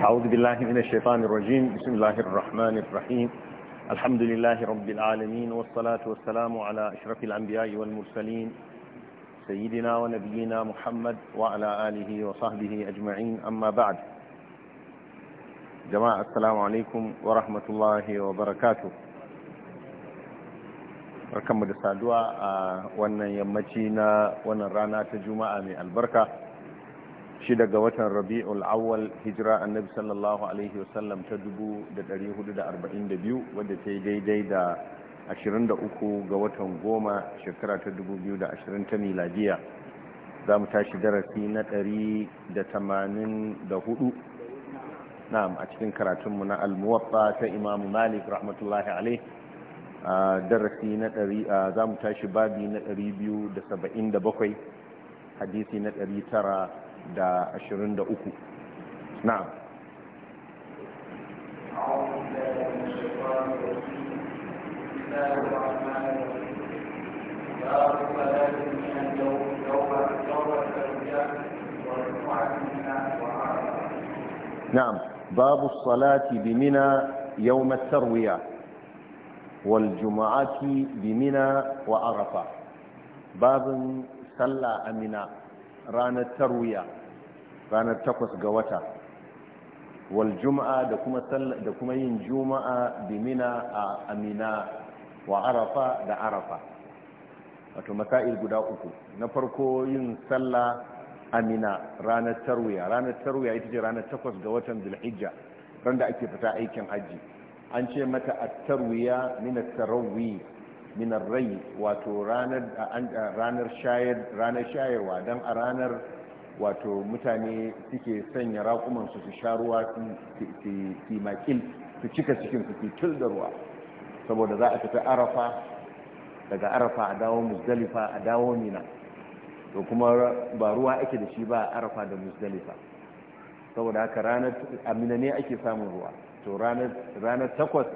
أعوذ بالله من الشيطان الرجيم بسم الله الرحمن الرحيم الحمد لله رب العالمين والصلاة والسلام على أشرف الأنبياء والمرسلين سيدنا ونبينا محمد وعلى آله وصحبه أجمعين أما بعد جماعة السلام عليكم ورحمة الله وبركاته barkanmu السادوة saduwa يمتينا wannan yammaci na wannan shi daga watan rabi'ul awwal hijira annabi sallallahu alaihi wasallam ta 1442 wadda ta yi daidai da 23 ga watan goma shekara ta 2020 ta miladiya za mu tashi darasi na 184 na'am a cikin karatunmu na almuwaffa ta imamu malik rahmatullahi alaihi darasi na ɗari, za mu tashi babi na ɗari biyu da da saba'in bakwai, hadisi na ɗari tara. da ashirin da uku na'am نعم باب الصلاة بمنى يوم التروية والجمعة بمنى وعرفة باب صلى أمنا ranar tarwiya ranar takwas ga wata wal juma'a da kuma yin juma'a bi mina a amina wa arafa da arafa wato maka'il guda uku na farko yin sallah amina ranar tarwiya ranar tarwiya ita ce ranar takwas ga watan zulhijja ran da ake fita aikin hajji an ce mata at-tarwiya min at-tarawih min rai wato ranar shayarwa don a ranar wato mutane suke sanya raƙumansu su sha ruwa su makil su cika cikin su tul da ruwa saboda za a tafi arafa daga arafa a dawo musdalifa a dawo mina to kuma ba ruwa ake da shi ba a arafa da musdalifa saboda haka ranar mina ne ake samun ruwa to ranar takwas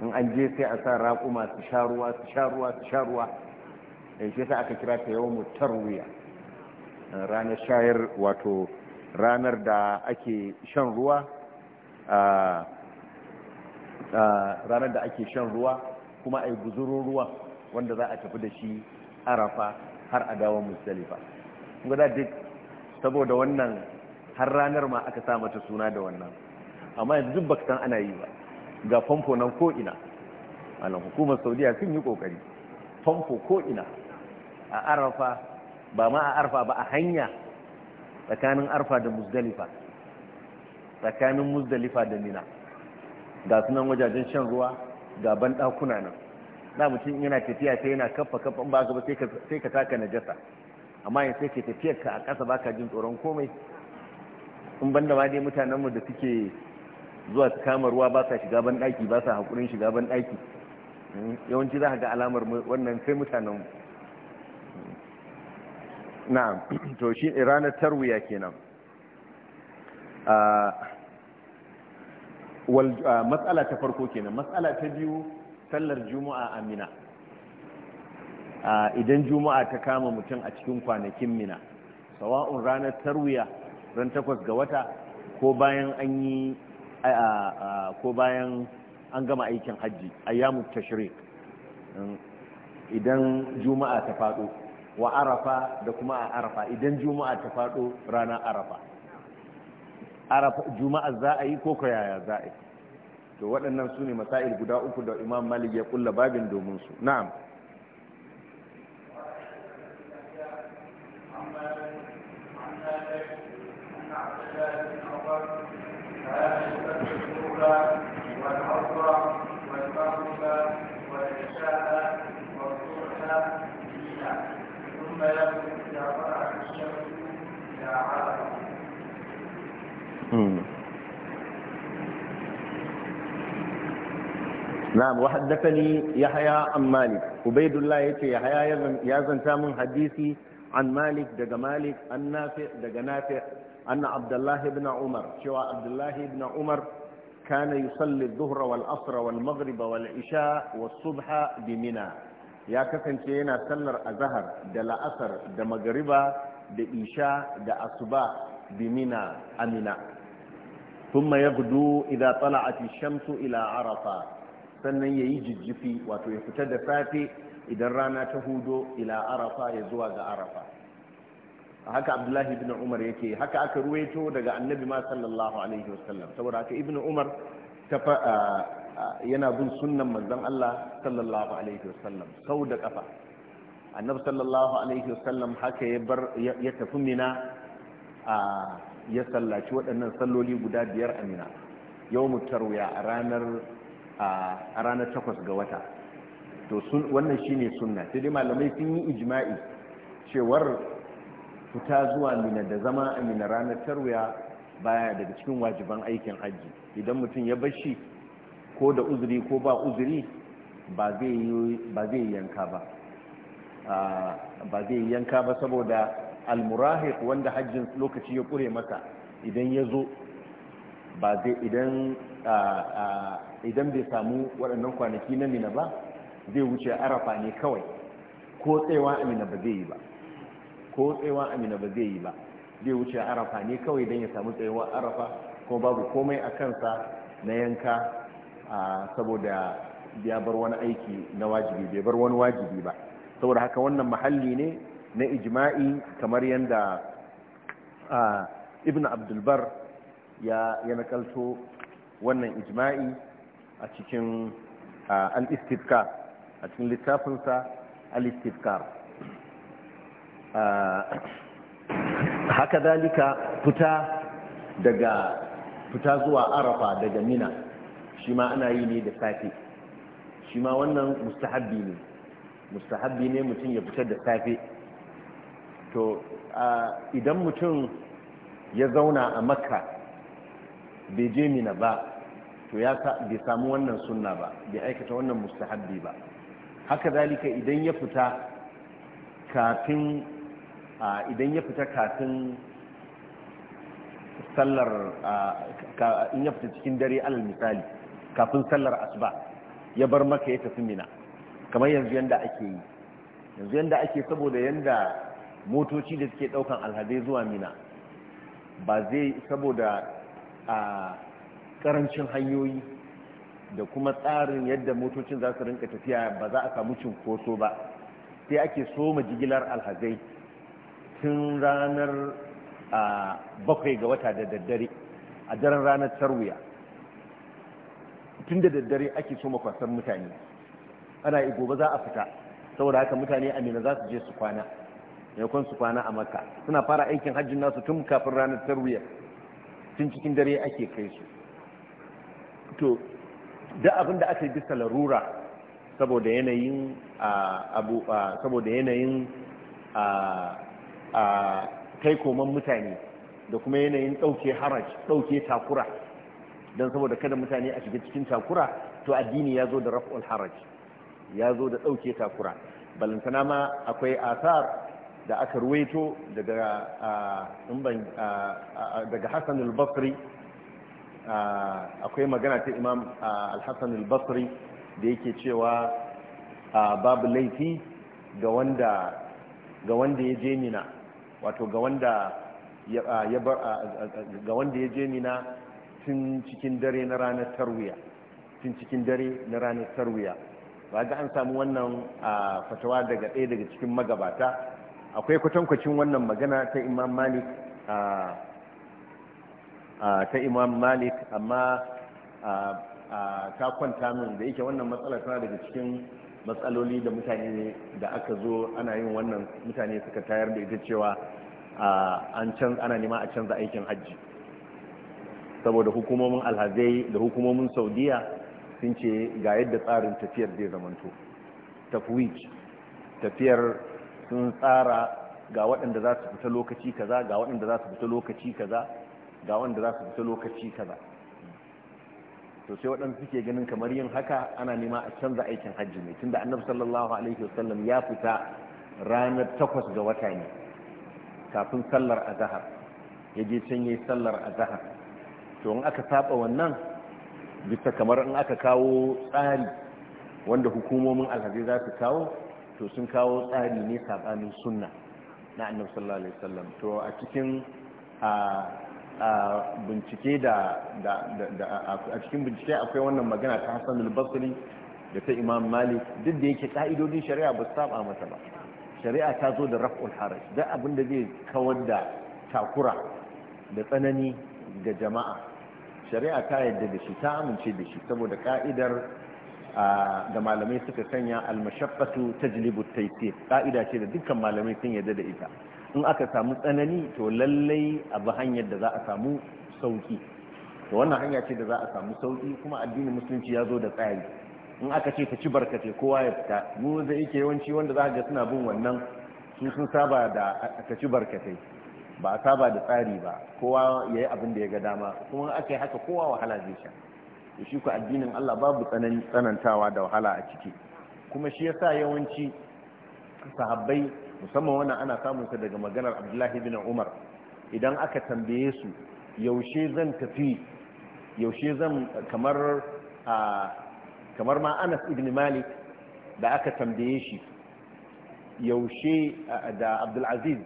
in an je sai a sa raƙuma su sha ruwa su sha ruwa su sha ruwa da eh, shi sa aka kira ta yawon tarwiya eh, ranar shayar wato ranar da ake shan ruwa ranar da ake shan ruwa kuma a yi guzurin ruwa wanda za a tafi da shi arafa har a dawon musulifa guda duk saboda wannan har ranar ma aka sa mata suna da wannan amma yanzu duk san ana yi ba ga famfo nan ko'ina hukumar saudiya sun yi kokari famfo ko'ina a arfa ba ma a arfa ba a hanya tsakanin arfa da musdalifa tsakanin musdalifa da nina ga sunan wajajen shan ruwa ga banɗakuna nan na mutum yana tafiya sai yana kafa kafa ba gaba sai ka taka najasa amma yin sai ke tafiyar ka a ƙasa ba ka jin tsoron komai in banda ma dai mutanenmu da suke zuwa su kama ruwa ba sa shiga ban daki ba sa hakurin shiga ban daki hmm, yawanci za a ga alamar wannan sai mutanen Na to shi ranar tarwiya kenan ah, ah, matsala ta farko kenan matsala ta biyu sallar juma'a a mina ah, idan juma'a ta kama mutum a cikin kwanakin mina sawa'un ranar tarwiya ran takwas ga wata ko bayan an yi ko bayan an gama aikin hajji a yamun tashrik um, idan juma'a ta faɗo wa arafa da kuma a arafa idan juma'a ta faɗo ranar arafa juma'a za a yi ko yaya za a yi to waɗannan su ne masail guda uku da imam malik ya kulla babin domin su na'am نعم وحدثني يحيى عن مالك عبيد الله يتي يحيى يزن تامن حديثي عن مالك دق مالك عن نافع دق نافع أن عبد الله بن عمر شوى عبد الله بن عمر كان يصلي الظهر والعصر والمغرب والعشاء والصبح بمنى يا كفن شينا سلر أزهر دل أثر دمغربا دإشاء دأصباح بمنى أمنا ثم يغدو إذا طلعت الشمس إلى عرفة sannan ya yi jijjifi wato ya fita da safe idan rana ta hudo ila arafa ya zuwa ga arafa haka abdullahi ibn umar yake haka aka ruwaito daga annabi ma sallallahu alaihi wasallam saboda haka ibn umar yana bin sunnan manzon Allah sallallahu alaihi wasallam sau da kafa annabi sallallahu alaihi wasallam haka ya bar ya tafi mina ya sallaci waɗannan salloli guda biyar a yau mutarwiya a ranar a ranar takwas ga wata to wannan shine sunna sai dai malamai sun yi ijma'i cewar fita zuwa mina da zama a ranar tarwaya baya daga cikin wajiban aikin hajji idan mutum ya bashi ko da uzuri ko ba uzuri ba zai yanka yanka ba saboda almurahiq wanda hajjin lokaci ya kure masa idan ya zo idan bai samu waɗannan kwanaki na mina ba zai wuce arafa ne kawai ko tsewa amina ba zai yi ba ko tsewa amina ba zai yi ba zai wuce arafa ne kawai don ya samu tsayuwar arafa ko babu komai a kansa na yanka saboda ya bar wani aiki na wajibi bai bar wani wajibi ba saboda haka wannan mahalli ne na ijma'i kamar yadda ibn abdulbar ya nakalto wannan ijma'i a cikin al-istifkar a cikin littafinsa al-istifkar haka dalika fita daga fita zuwa arafa daga mina shi ma ana yi ne da safe shi ma wannan mustahabbi ne mustahabbi ne mutum ya fita da safe to idan mutum ya zauna a makka bai je mina ba to ya bai samu wannan sunna ba bai aikata wannan mustahabbi ba haka zalika idan ya fita kafin idan ya fita kafin sallar in ya fita cikin dare alal misali kafin sallar asuba ya bar maka ya tafi mina kamar yanzu yanda ake yi yanzu yanda ake saboda yanda motoci da suke daukan alhazai zuwa mina ba zai saboda a karancin hanyoyi da kuma tsarin yadda motocin za su rinka tafiya ba za a samu cinkoso ba sai ake soma jigilar alhazai tun ranar bakwai ga wata da daddare a daren ranar tarwiya tun da daddare ake soma kwasan mutane ana gobe za a fita saboda haka mutane amina za su je su kwana maimakon su kwana a makka suna fara aikin hajjin nasu tun kafin ranar tarwiya tun cikin dare ake kai su to da abin da aka yi bisa larura saboda yanayin abu saboda yanayin kai koman mutane da kuma yanayin ɗauke haraj ɗauke takura don saboda kada mutane a shiga cikin takura to addini ya zo da raf'ul haraj ya zo da ɗauke takura balantana ma akwai asar da aka ruwaito daga hassan al-basri akwai magana ta imam al-hassan al-basri da yake cewa babu laifi ga wanda ya je nina wato ga wanda ya je nina tun cikin dare na ranar tarwiya tun cikin dare na ranar tarwiya ba ga an samu wannan fatawa daga ɗaya daga cikin magabata akwai kwatankwacin wannan magana ta imam malik ta imam malik amma ta kwanta min da yake wannan matsala tana daga cikin matsaloli da mutane da aka zo ana yin wannan mutane suka tayar da ita cewa ana nema a canza aikin hajji saboda hukumomin alhazai da hukumomin saudiya sun ce ga yadda tsarin tafiyar zai zamanto tafiyar sun tsara ga waɗanda za su fita lokaci kaza ga waɗanda za su fita lokaci kaza ga waɗanda za su fita lokaci kaza to sai waɗanda suke ganin kamar yin haka ana nema a canza aikin hajji ne tunda annabi sallallahu alaihi wasallam ya fita ranar takwas ga wata ne kafin sallar zahar ya je can yayi sallar zahar to in aka saba wannan bisa kamar in aka kawo tsari wanda hukumomin alhaji za su kawo to sun kawo tsari ne saɓanin sunna na annabi sallallahu alaihi wasallam to a cikin bincike da a cikin bincike akwai wannan magana ta Hassan al da ta Imam Malik duk da yake ka'idodin shari'a ba su saba mata ba shari'a ta zo da raf'ul haraj da abin da zai kawar da takura da tsanani ga jama'a shari'a ta yadda da shi ta amince da shi saboda ka'idar da malamai suka sanya almashaffatu tajlibu taysir ka'ida ce da dukkan malamai sun yarda da ita in aka samu tsanani to lallai a bi hanyar da za a samu sauki to wannan hanya ce da za a samu sauki kuma addinin musulunci ya zo da tsari in aka ce ka ci barkace kowa ya fita mu da yake yawanci wanda za ga suna bin wannan su sun saba da ka ci barkatai ba a saba da tsari ba kowa ya yi abin da ya ga dama kuma aka yi haka kowa wahala zai sha da shi ku addinin Allah babu tsanantawa da wahala a ciki kuma shi yasa yawanci sahabbai musamman wannan ana samun sa daga maganar Abdullahi ibn Umar idan aka tambaye su yaushe zan tafi yaushe zan kamar a kamar ma Anas ibn Malik da aka tambaye shi yaushe da Abdul Aziz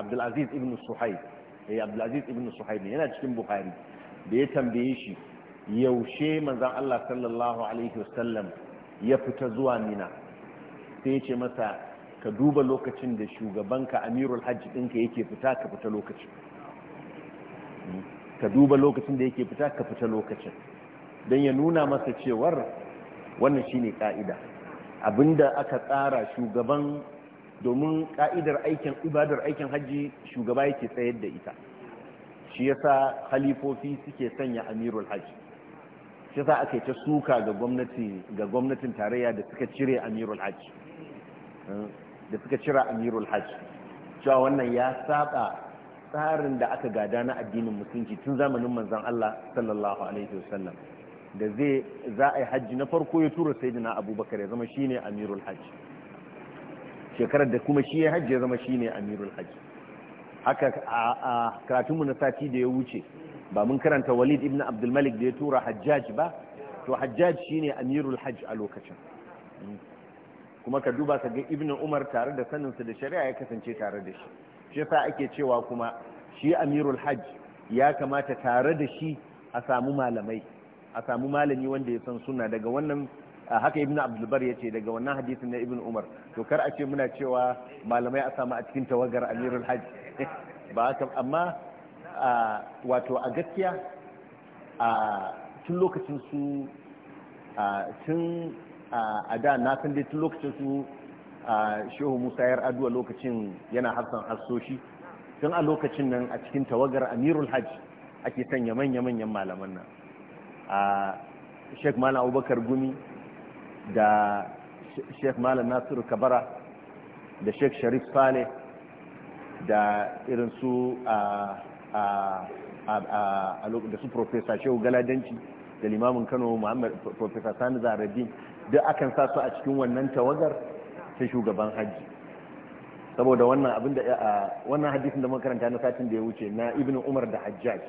Abdul Aziz ibn Suhaib eh Abdul Aziz ibn Suhaib yana cikin Bukhari da ya tambaye shi yaushe manzan Allah sallallahu alaihi wasallam ya fita zuwa mina sai ya ce masa ka duba lokacin da shugabanka amirul hajji ɗinka yake fita ka fita lokacin ka duba lokacin da yake fita ka fita lokacin don ya nuna masa cewar wannan shine ka'ida abinda aka tsara shugaban domin ka'idar aikin ibadar aikin hajji shugaba yake tsayar da ita shi yasa halifofi suke sanya amirul hajji shi za a kai ta suka ga gwamnati ga gwamnatin tarayya da suka cire amirul hajj da suka cire amirul hajj cewa wannan ya saba tsarin da aka gada na addinin musulunci tun zamanin manzon Allah sallallahu alaihi wasallam da zai za a yi hajji na farko ya tura sayyidina abubakar ya zama shine amirul hajj shekarar da kuma shi ya hajji ya zama shine amirul hajj haka a karatunmu na sati da ya wuce ba mun karanta walid ibn abdulmalik da ya tura hajjaj ba to hajjaj shine amirul hajj a lokacin kuma ka duba ka ga ibn umar tare da saninsa da shari'a ya kasance tare da shi shi yasa ake cewa kuma shi amirul hajj ya kamata tare da shi a samu malamai a samu malami wanda ya san suna daga wannan haka ibn abdulbar ya ce daga wannan hadisin na ibn umar to kar a ce muna cewa malamai a samu a cikin tawagar amirul hajj ba haka amma wato a gaskiya a tun lokacin su tun a da na san dai tun lokacin su shehu musa yar aduwa lokacin yana harsan Hasoshi tun a lokacin nan a cikin tawagar amirul hajji ake sanya manya-manyan malaman nan a sheikh malam abubakar gumi da sheikh malam nasiru kabara da sheikh sharif fale da irin su a da su profesa shehu galadanci da limamin kano muhammad profesa sani zaradin duk akan sa su a cikin wannan tawagar ta shugaban hajji saboda wannan abin da wannan hadisin da makaranta na satin da ya wuce na ibn umar da hajjaj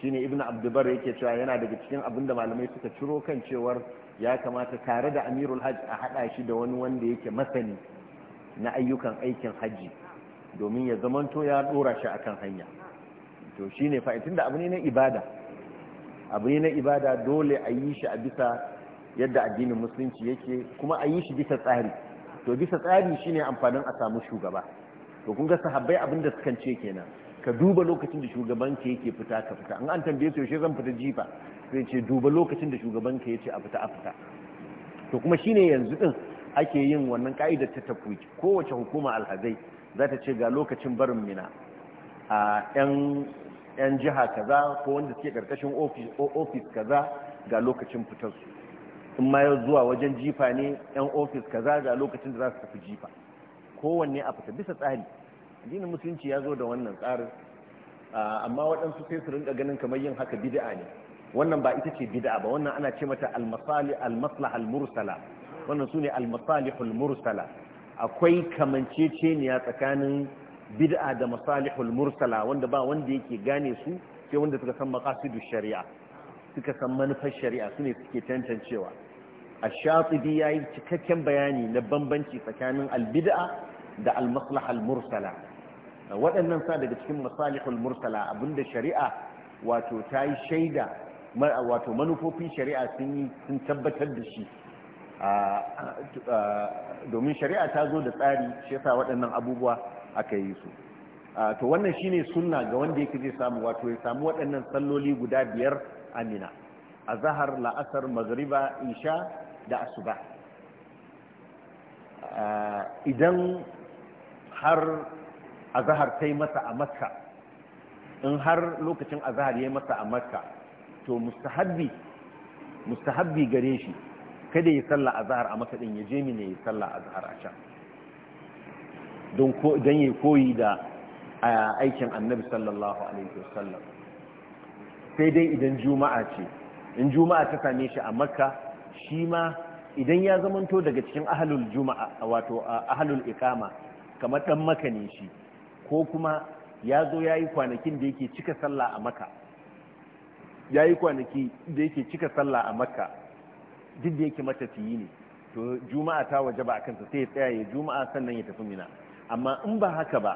shine ibn abdubar yake cewa yana daga cikin abin da malamai suka ciro kan cewar ya kamata tare da amirul hajj a hada shi da wani wanda yake masani na ayyukan aikin hajji domin ya zamanto ya dora shi akan hanya to shine fa da abu ne na ibada abu ne na ibada dole a yi shi a bisa yadda addinin musulunci yake kuma a yi shi bisa tsari to bisa tsari shine amfanin a samu shugaba to kun ga sahabbai abin da sukan ce kenan ka duba lokacin da shugabanka yake fita ka fita an an tambaye su yaushe zan fita jifa sai ce duba lokacin da shugabanka yake a fita a fita to kuma shine yanzu din ake yin wannan ka'idar ta tafi kowace hukuma alhazai za ta ce ga lokacin barin mina a 'yan 'yan jiha kaza ko wanda suke karkashin ofis kaza ga lokacin fitarsu in ma zuwa wajen jifa ne 'yan ofis kaza ga lokacin da za su tafi jifa kowanne a fita bisa tsari addinin musulunci ya zo da wannan tsarin amma waɗansu sai su rinka ganin kamar yin haka bid'a ne wannan ba ita ce bida'a ba wannan ana ce mata al-masali al al-mursala wannan sune al-masalihul mursala akwai kamanceceniya tsakanin bid'a da masalihul mursala wanda ba wanda yake gane su sai wanda suka san maqasidu shari'a suka san manufar shari'a sune suke tantancewa ash-shatibi yayi cikakken bayani na bambanci tsakanin al-bid'a da al-maslaha mursala waɗannan sa daga cikin masalihul mursala abinda shari'a wato yi shaida wato manufofin shari'a sun yi sun tabbatar da shi domin shari'a ta zo da tsari shi yasa waɗannan abubuwa aka yi su to wannan shine sunna ga wanda yake zai samu wato ya samu waɗannan salloli guda biyar amina a zahar la'asar magriba isha da asuba idan har a zahar masa a makka in har lokacin a zahar ya masa a makka to mustahabbi mustahabbi gare shi kada ya salla a zahar a ya je mine ya salla a zahar a can don ya koyi da aikin annabi sallallahu alaihi wasallam sai dai idan juma'a ce in juma'a ta same shi a makka shi ma idan ya zamanto daga cikin ahalul juma'a wato ahalul ikama kamar dan Makka ne shi ko kuma ya zo ya yi kwanakin da yake cika sallah a makka ya yi kwanaki da yake cika sallah a makka duk da yake matafiyi ne to juma'a ta waje ba a kansa sai ya tsaya ya juma'a sannan ya tafi mina amma in ba haka ba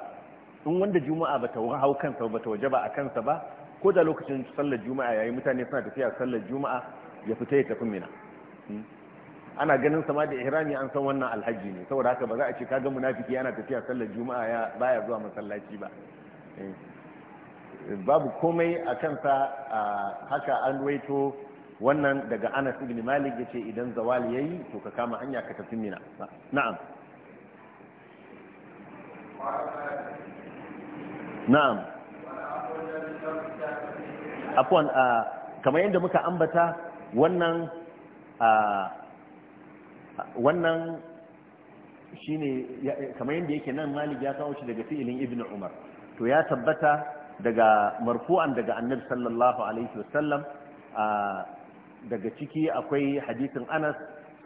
in wanda juma'a ba ta hau kansa ba ta waje ba a kansa ba ko da lokacin sallar juma'a yayi mutane suna tafiya sallar juma'a ya fita ya tafi mina hmm. ana ganin sama da ihrami an san wannan alhaji ne saboda haka ba za a ce kaga munafiki yana tafiya sallar juma'a ya baya zuwa masallaci ba eh. babu komai a kansa haka an waito wannan daga Anas ibn Malik yace idan zawali yayi to ka kama hanya ka tafi mina na'am na'am afwan kamar yadda muka ambata wannan wannan shine kamar yadda yake nan malik ya kawo shi daga fi'ilin Ibn umar to ya tabbata daga marfu'an daga annabi sallallahu alaihi wasallam daga ciki akwai hadisin anas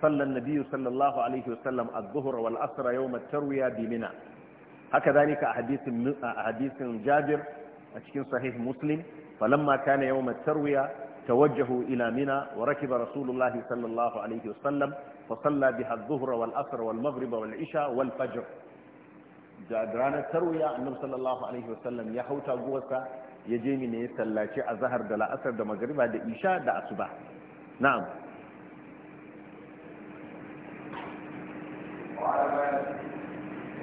sallan nabiyyu sallallahu alaihi wasallam az-zuhr wal asra yawm at-tarwiya bi mina haka zalika a hadisin a hadisin Jabir a cikin sahih Muslim falamma kana yawm at-tarwiya ta ila Mina wa ba Rasulullahi sallallahu alaihi wasallam fa salla biha adh-dhuhra wal asr wal maghrib wal isha wal fajr da ranar tarwiya annabi sallallahu alaihi wasallam ya hauta guwarsa ya je mina ya a zahar da la'asar da magriba da isha da asuba na'am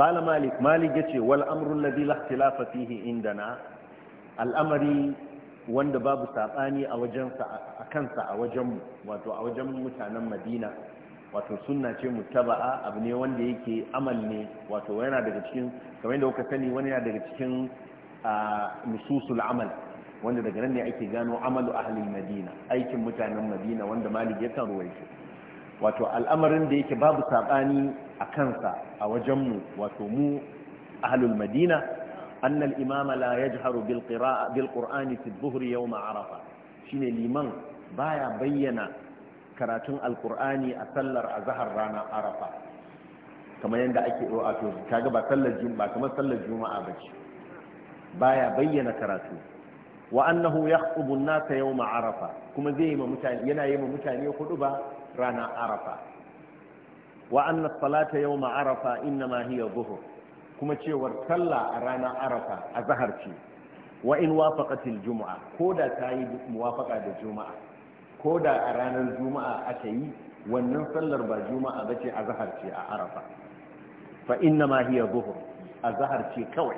qala malik malik yace wal amru alladhi la ikhtilafa fihi indana al'amari wanda babu sabani a wajen a kansa a wajen wato a wajen mutanen madina wato sunna ce mutaba'a abu ne wanda yake amal ne wato yana daga cikin kamar yadda kuka sani wani yana daga cikin nususul amal wanda daga nan ne ake gano amalu ahlil madina aikin mutanen madina wanda malik yakan wato al'amarin da yake babu saɓani a kansa a wajenmu wato mu ahlul madina annal imama la yajharu bil qira'a bil buhuri yau ma'arafa shi ne shine liman baya bayyana karatun alqur'ani a sallar a zahar ranar arafa kamar yadda ake wato kaga ba sallar juma'a kamar sallar juma'a bace baya bayyana karatu wa annahu yaqtubu an-nasa yawm arafa kuma zai yi mutane yana yi mutane hudu ba rana arafa wa anna salata yawma arafa innama hiya zuhur kuma cewar sallah a rana arafa a zahar ce wa in wafaqatil juma'a ko da ta yi muwafaqa da juma'a ko da a ranar juma'a aka yi wannan sallar ba juma'a bace a zahar ce a arafa fa innama hiya zuhur a zahar ce kawai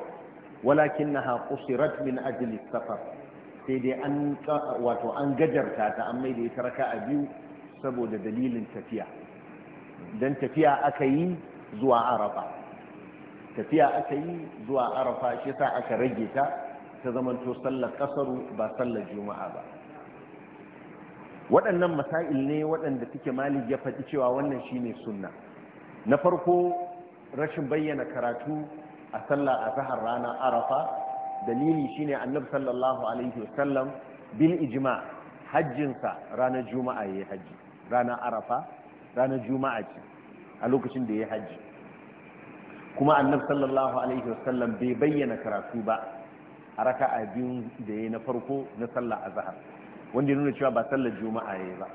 walakinnaha qusirat min ajli safar sai dai an wato an gajarta ta an mai da ita raka'a biyu saboda dalilin tafiya don tafiya aka yi zuwa arafa tafiya aka yi zuwa arafa shi sa aka rage ta ta zamanto sallar kasaru ba sallar juma'a ba waɗannan masail ne waɗanda take malik ya faɗi cewa wannan shine sunna na farko rashin bayyana karatu a sallar zahar rana arafa dalili shine annabi sallallahu alaihi wasallam bil ijma' hajjinsa ranar juma'a ya yi hajji ranar arafa ranar juma'a ce a lokacin da ya hajji kuma annab sallallahu alaihi wasallam bai bayyana karatu ba a raka a biyun da ya na farko na sallah a zahar wanda ya nuna cewa ba sallar juma'a ya yi ba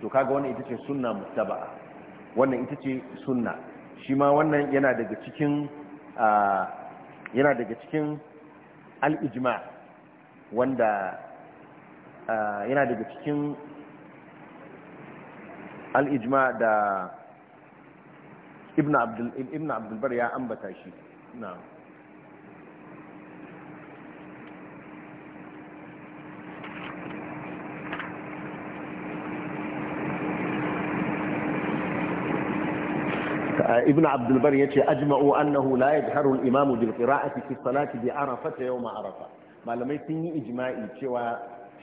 to kaga wannan ita ce sunna mustaba wannan ita ce sunna shi ma wannan yana daga cikin yana daga cikin al-ijma wanda yana daga cikin الاجماع دا ابن عبد ابن عبد البر يا انبتا شي نعم ابن عبد البر يجي اجمعوا انه لا يجهر الامام بالقراءه في الصلاه بعرفه يوم عرفه ما لم يتني اجماعي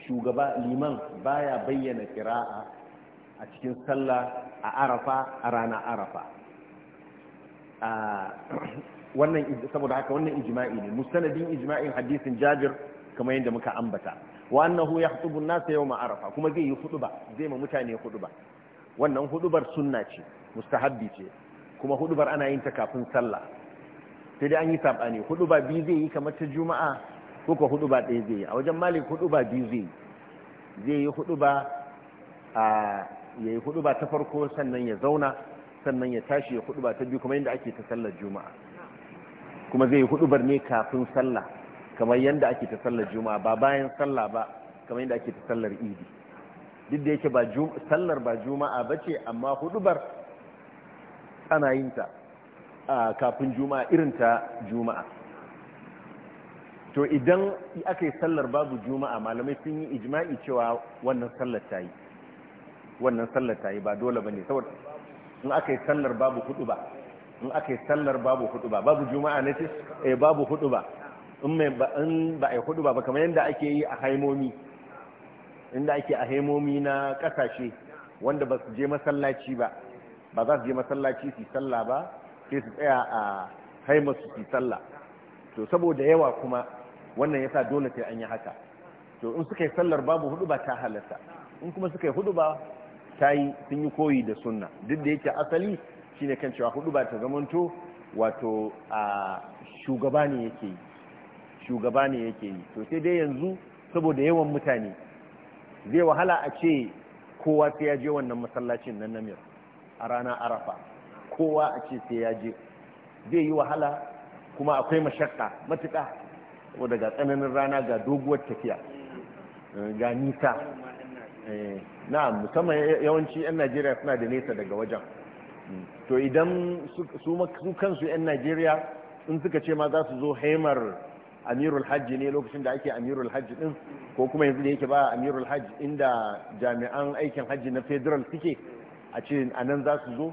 شوغبا لمن بايا بين قراءه a cikin sallah a arafa a rana arafa wannan saboda haka wannan ijma'i ne musanadin ijma'in hadisin jabir kamar yadda muka ambata wa annahu yahtubu an-nas yawma arafa kuma zai yi huduba zai ma mutane huduba wannan hudubar sunna ce mustahabbi ce kuma hudubar ana yin ta kafin sallah sai dai an yi sabani huduba biyu zai yi kamar ta juma'a ko ko huduba ɗaya zai yi a wajen malik huduba biyu zai yi zai yi huduba a ya yi hudu ba ta farko sannan ya zauna sannan ya tashi ya hudu ba ta biyu kuma yadda ake ta sallar juma'a kuma zai yi hudu bar ne kafin sallah kamar yadda ake ta sallar juma'a ba bayan sallah ba kamar yadda ake ta sallar idi duk da yake ba sallar ba juma'a ba ce amma hudu bar ana yin ta kafin juma'a irin ta juma'a to idan aka yi sallar babu juma'a malamai sun yi ijma'i cewa wannan sallar ta yi wannan sallar ta yi ba dole ba ne saboda in aka yi sallar babu hudu ba in aka yi sallar babu hudu ba babu juma'a ne ce eh babu hudu ba in mai ba in ba ai hudu ba ba kamar yanda ake yi a haimomi inda ake a haimomi na kasashe wanda ba su je masallaci ba ba za su je masallaci su salla ba sai su tsaya a haimar su su salla to saboda yawa kuma wannan yasa dole sai an yi haka to in suka yi sallar babu hudu ba ta halarta in kuma suka yi hudu ba ta sun yi koyi da sunna duk da yake asali shine kan cewa hudu ba ta zamanto wato a shugaba ne yake yi shugaba ne yake yi to sai dai yanzu saboda yawan mutane zai wahala a ce kowa sai ya je wannan masallacin nan namir a rana arafa kowa a ce sai ya je zai yi wahala kuma akwai mashakka matuka saboda ga tsananin rana ga doguwar tafiya eh, ga nisa eh. na'am musamman yawanci 'yan najeriya suna da nesa daga wajen mm. to idan su kansu 'yan najeriya in suka ce ma za su zo haimar amirul hajji ne lokacin da ake amirul hajji din ko kuma yanzu da yake ba amirul hajji inda jami'an aikin hajji na federal suke a ce a nan za su zo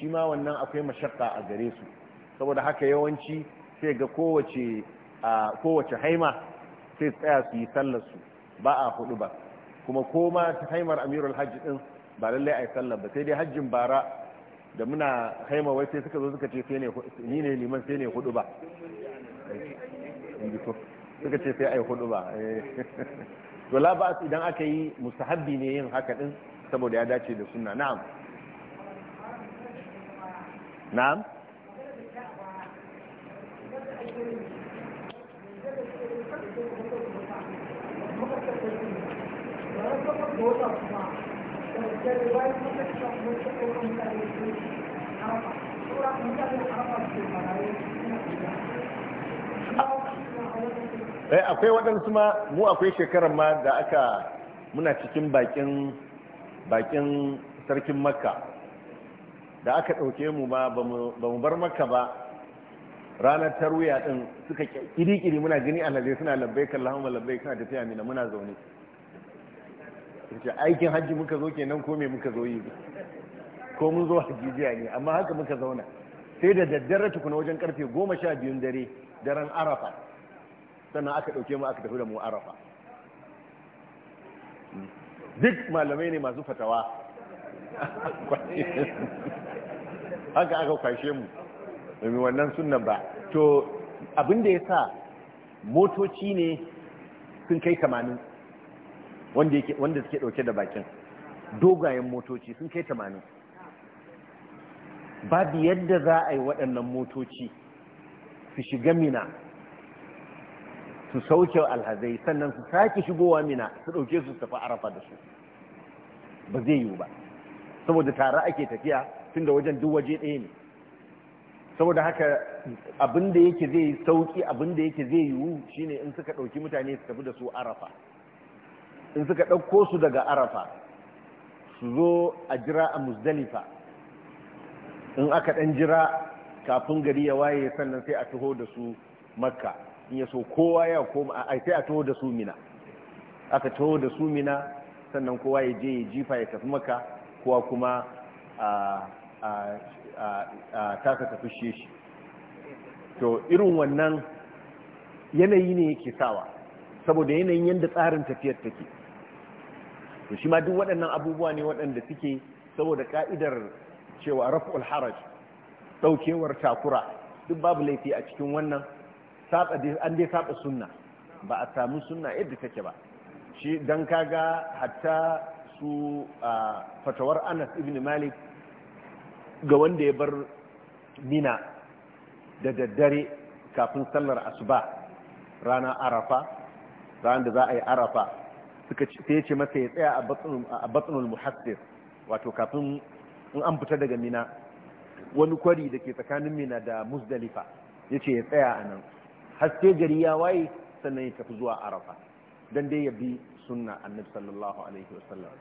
shi ma wannan akwai mashakka a gare su saboda haka yawanci sai ga kowace haima sai tsaya su yi sallar su ba a hudu ba kuma koma ta haimar amirul hajji din ba lallai a yi sallar ba sai dai hajjin bara da muna haima wai sai suka zo suka ce sai ne liman sai ne hudu ba suka ce sai a yi hudu ba eh. to la ba idan aka yi mustahabbi ne yin haka din saboda ya dace da sunna na'am na'am Eh akwai waɗansu ma mu akwai shekarar ma da aka muna cikin bakin bakin sarkin makka da aka ɗauke mu ma ba mu bar makka ba ranar tarwiya din suka kiri-kiri muna gani alhazai suna labbai kallahun labbai suna tafiya mina muna zaune ce aikin hajji muka zo kenan ko me muka zo yi ko mun zo hajji jiya ne amma haka muka zauna sai da daddare tukuna wajen karfe goma sha biyun dare daren arafa sannan aka ɗauke mu aka tafi da mu arafa duk malamai ne masu fatawa haka aka kwashe mu domin wannan sunan ba to abin da ya sa motoci ne sun kai kamanin wanda suke ɗauke da bakin dogayen motoci sun kai tamanin babu yadda za a yi waɗannan motoci su shiga mina su sauke alhazai sannan su sake shigowa mina su ɗauke su tafi arafa da su ba zai yiwu ba saboda tare ake tafiya tun da wajen duk waje ɗaya ne saboda haka abin da yake zai sauki abin yake zai yiwu shine in suka ɗauki mutane su tafi da su arafa in suka ɗauko su daga arafa su zo a jira a Musdalifa, in aka ɗan jira kafin gari ya waye sannan sai a taho da su makka in ya so kowa ya koma sai a taho da su mina aka taho da su mina sannan kowa ya je ya jifa ya tafi maka, kowa kuma a taka tafi shi to irin wannan yanayi ne yake sawa saboda yanayin yadda tsarin tafiyar take to shi ma duk waɗannan abubuwa ne waɗanda suke saboda ka'idar cewa raf'ul haraj daukewar takura duk babu laifi a cikin wannan an dai saba sunna ba a samu sunna yadda take ba shi don kaga hatta su fatawar anas ibn malik ga wanda ya bar mina da daddare kafin sallar asuba rana arafa ranar da za a yi arafa suka sai ya ce masa ya tsaya a batsunul muhassir wato kafin in an fita daga mina wani kwari da ke tsakanin mina da musdalifa ya ce ya tsaya a nan haske gari ya waye sannan ya tafi zuwa arafa don dai ya bi sunna annabi sallallahu alaihi wasallam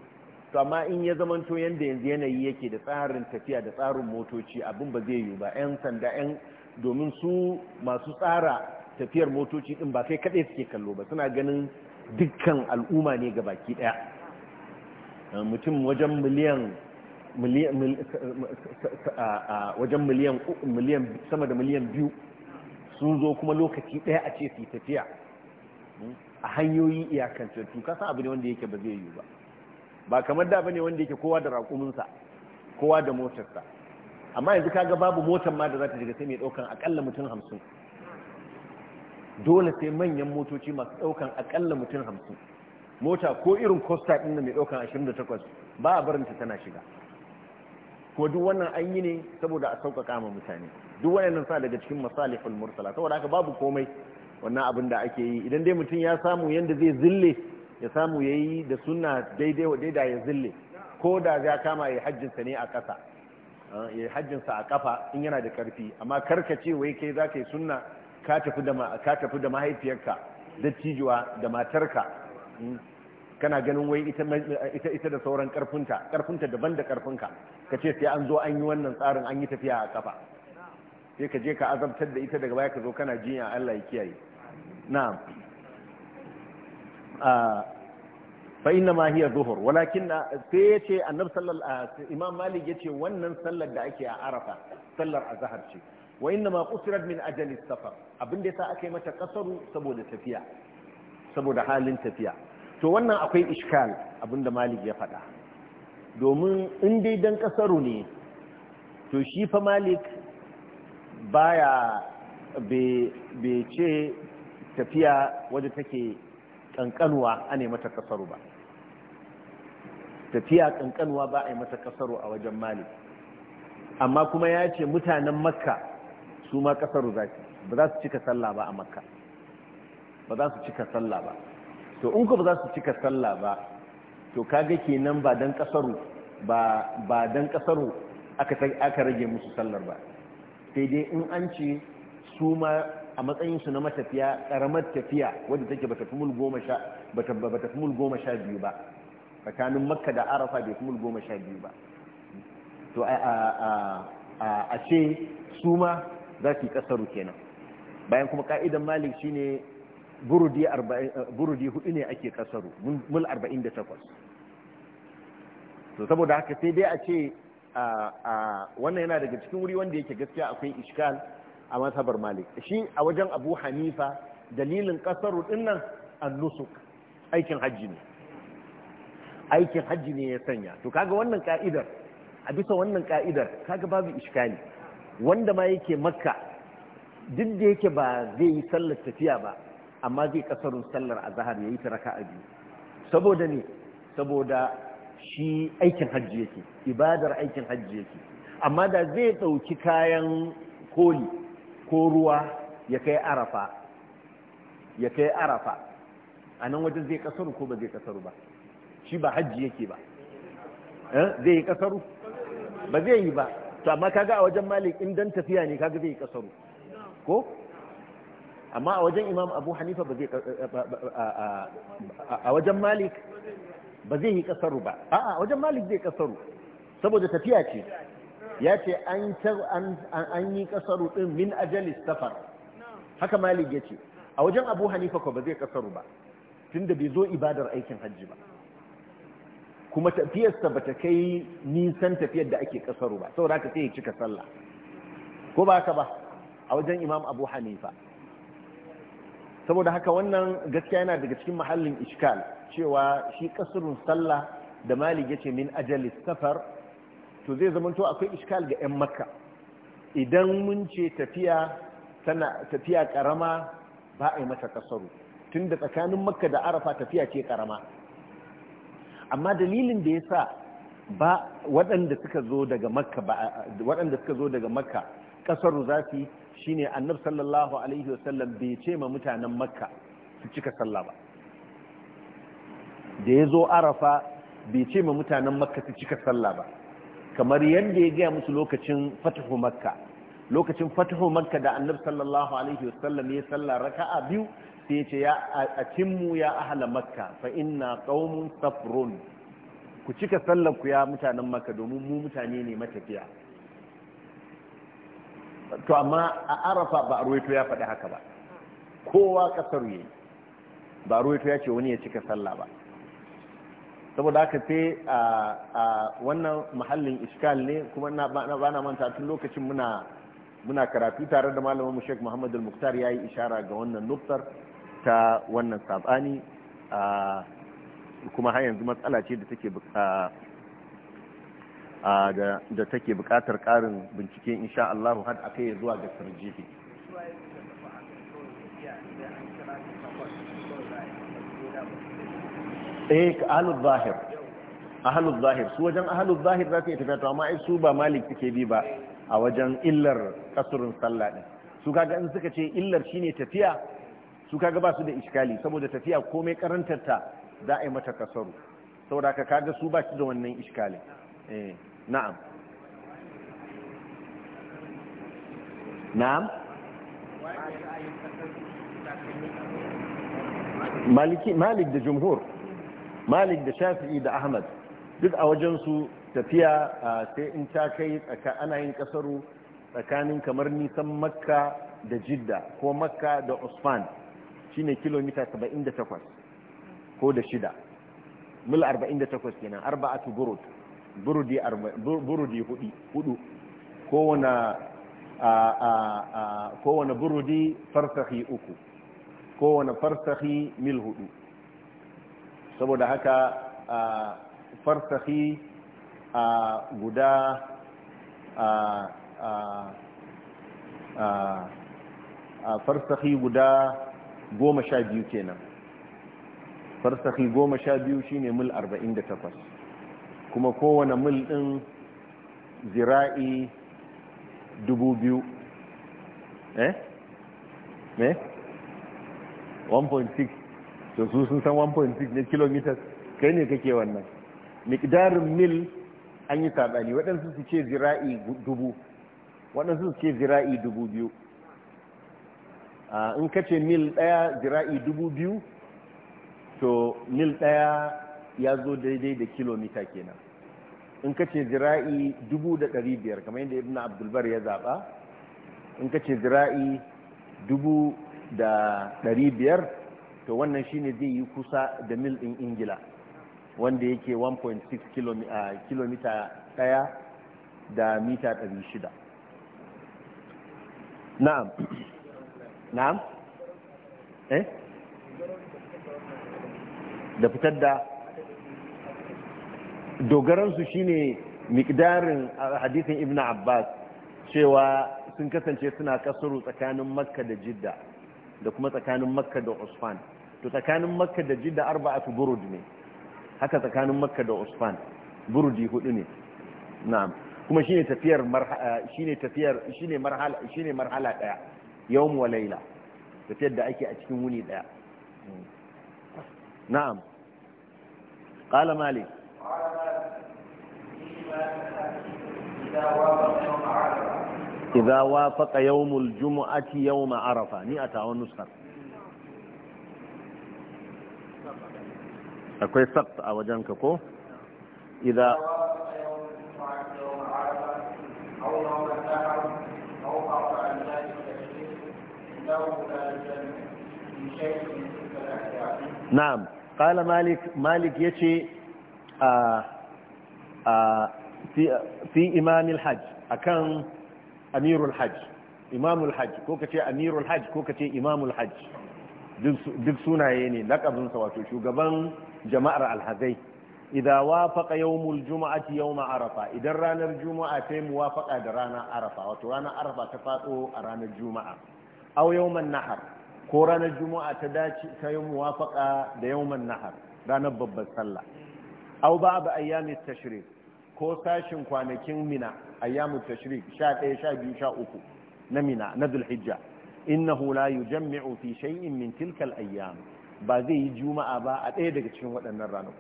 to amma in ya zamanto yanda yanzu yanayi yake da tsarin tafiya da tsarin motoci abin ba zai yiwu ba yan sanda yan domin su masu tsara tafiyar motoci din ba sai kadai suke kallo ba suna ganin dukkan al'umma ne ga baki daya mutum wajen miliyan wajen miliyan sama da miliyan biyu sun zo kuma lokaci daya a ce su tafiya hmm, a hanyoyi iyakantattu sa abu ne wanda yake ba zai yi ba ba kamar da bane wanda yake kowa da raƙuminsa kowa da motarsa amma yanzu kaga babu motar ma da za ta shiga sai mai ɗaukan akalla mutum hamsin dole sai manyan motoci masu ɗaukan akalla mutum hamsin mota ko irin costa ɗin da mai ɗaukan 28 ba a barinta tana shiga ko duk wannan an yi ne saboda a sauƙaƙa ma mutane duk wannan sa daga cikin masalihul mursala saboda haka babu komai wannan abin da ake yi idan dai mutum ya samu yanda zai zille ya samu yayi da sunna daidai daida ya zille ko da ya kama ya hajjin sa ne a ƙasa eh, ya hajjin a kafa in yana da karfi amma karkace wai kai za ka yi sunna ka tafi da mahaifiyarka cijuwa da matarka hmm? kana ganin wai ita ita da sauran karfinta karfinta daban da karfinka ka ce sai an zo an yi wannan tsarin an yi tafiya a kafa sai ka je ka azabtar da ita daga baya ka zo kana jinya Allah ya kiyaye na'am ah, fa inna ma hiya zuhur walakin sai yace annabi sallallahu imam malik yace wannan sallar da ake a arafa sallar azhar ce wa inna ma qusirat min ajali safar abin da yasa aka mata kasaru saboda tafiya saboda halin tafiya to wannan akwai iskal abin malik ya faɗa domin in dai dan kasaru ne to shi fa malik baya bai ce tafiya wadda take kankanuwa a mata kasaru ba tafiya kankanuwa ba a yi mata kasaru a wajen malik amma kuma ya ce mutanen makka su ma kasar ruzaki ba za su cika sallah ba a makka ba za su cika sallah ba to in ku ba za su cika sallah ba to kaga kenan ba dan kasaru ba ba dan kasaru aka aka rage musu sallar ba sai dai in an ce su ma a matsayin su na matafiya karamar tafiya wanda take bata fi goma sha bata bata fi mul goma sha biyu ba tsakanin makka da arafa bai fi mul goma sha biyu ba to a a a ce su ma za su yi kasaru kenan bayan kuma ka'idan malik shi ne eh, burudi hudu ne ake kasaru mul 48 to saboda haka sai dai a ce wannan yana daga cikin wuri wanda yake gaskiya akwai ishkal a masabar malik shi a wajen abu hanifa dalilin kasaru dinnan annusuk aikin hajji ne aikin hajji ne ya sanya to kaga wannan ka'idar a bisa wannan ka'idar kaga babu ishkali wanda ma yake makka duk da yake ba zai yi sallar tafiya ba amma zai kasarun sallar a zahar ya yi ta raka biyu saboda ne saboda shi aikin hajji yake ibadar aikin hajji yake amma da zai ɗauki kayan koli ko ruwa ya kai arafa ya kai arafa a nan wajen zai kasaru ko ba zai kasaru ba shi ba hajji yake ba eh? zai yi kasaru ba zai yi ba to amma kaga a wajen malik in dan tafiya ne kaga zai kasaru ko amma a wajen imam abu hanifa ba zai a wajen malik ba zai yi kasaru ba a wajen malik zai kasaru saboda tafiya ce ya ce an yi kasaru din min ajali safar haka malik ya ce a wajen abu hanifa ko ba zai kasaru ba tunda bai zo ibadar aikin hajji ba kuma tafiyarsa ta kai nisan tafiyar da ake kasaru ba saboda haka sai ya cika sallah ko ba haka ba a wajen imam abu hanifa saboda haka wannan gaskiya yana daga cikin mahallin iskal cewa shi kasarun sallah da malik ce min ajali safar to zai zama to akwai iskal ga yan makka idan mun ce tafiya tana tafiya karama ba a yi mata kasaru tunda tsakanin makka da arafa tafiya ce karama amma dalilin da ya sa ba waɗanda suka zo daga makka waɗanda suka zo daga makka ƙasar ruzafi shi ne shine annab sallallahu alaihi wasallam bai ce ma mutanen makka su cika sallah ba da ya zo arafa bai ce ma mutanen makka su cika sallah ba kamar yadda ya gaya musu lokacin fatahu makka lokacin fatahu makka da annab sallallahu alaihi wasallam ya sallah raka'a biyu sai ce ya mu ya ahala makka fa ina qaumun safron ku cika sallar ku ya mutanen makka domin mu mutane ne matafiya to amma a arafa ba ruwaito ya faɗi haka ba kowa ƙasar yi ba ruwaito ya ce wani ya cika sallah ba saboda haka sai a wannan mahallin iskal ne kuma ba na manta tun lokacin muna muna karatu tare da malamin mu Sheikh Muhammad Al-Muktar yi ishara ga wannan nuktar ta wannan sabani kuma har yanzu matsala ce da take da take bukatar karin bincike insha Allah har a yi zuwa ga sarjihi eh ka ahlul zahir ahlul zahir su wajen ahlul zahir za su yi tafiya to amma ai su ba malik suke bi ba a wajen illar kasurin sallah din su kaga in suka ce illar shine tafiya su kaga ba su da iskali saboda tafiya komai karantarta za a yi mata kasaru saboda ka kaga su ba su da wannan iskali eh, na'am na'am malik da jumhur malik da shafi'i da ahmad duk a wajensu tafiya sai in ta kai ana yin kasaru tsakanin kamar nisan makka da jidda ko makka da usman ne kilomita 78 ko da shida mil 48 kenan arba'atu burud burudi burudi hudu hudu kowane kowane burudi farsahi uku kowane farsahi mil hudu saboda haka farsahi guda farsahi guda goma sha biyu kenan farsaki goma sha biyu shine mil arba'in da takwas kuma kowane mil ɗin zira'i dubu biyu eh? eh? 1.6 to su sun san 1.6 na kilometers kai ne kake wannan mikdarin mil an yi saɓani waɗansu su ce zira'i dubu waɗansu su ce zira'i dubu biyu Ah, in ka ce mil ɗaya jira'i dubu biyu to mil ɗaya ya zo daidai da kilomita kenan in ka ce jira'i dubu da ɗari biyar kamar yadda ibn abdulbar ya zaɓa in ka ce jira'i dubu da ɗari biyar to wannan shine zai yi kusa da mil ɗin ingila wanda yake 1.6 ah, kilomita ɗaya da mita shida na'am na'am eh da fitar da dogaransu shine miqdarin hadisin ibnu abbas cewa sun kasance suna kasaru tsakanin makka da jidda da kuma tsakanin makka da usman to tsakanin makka da jidda arba'atu burud ne haka tsakanin makka da usman burudi hudu ne na'am kuma shine tafiyar shine tafiyar shine marhala shine marhala daya يوم وليلة فتدى أكي أتكموني ذا نعم قال مالي إذا وافق يوم الجمعة يوم عرفة مئة ونسخة أكوي سقط أوجانك كو إذا وافق يوم الجمعة يوم عرفة أو يوم الجمعة أو قطع na'am qala malik malik yace a a fi imam hajj akan amirul hajj imamul hajj ko kace amirul hajj ko kace imamul hajj duk sunaye ne lakabin sa wato shugaban jama'ar alhazai idza wafaqa yawmul jumu'ati yawma arafa idan ranar juma'a ta muwafaqa da ranar arafa wato ranar arafa ta fado a ranar juma'a aw yawman nahar ko ranar juma'a ta dace ta yi muwafaqa da yawman nahar ranar babbar sallah aw ba'da ayyami tashrik ko sashin kwanakin mina ayyamu tashrik 11 12 13 na mina na dhulhijja innahu la yujammi'u fi shay'in min tilka al-ayyam ba zai yi juma'a ba a ɗaya daga cikin waɗannan ranaku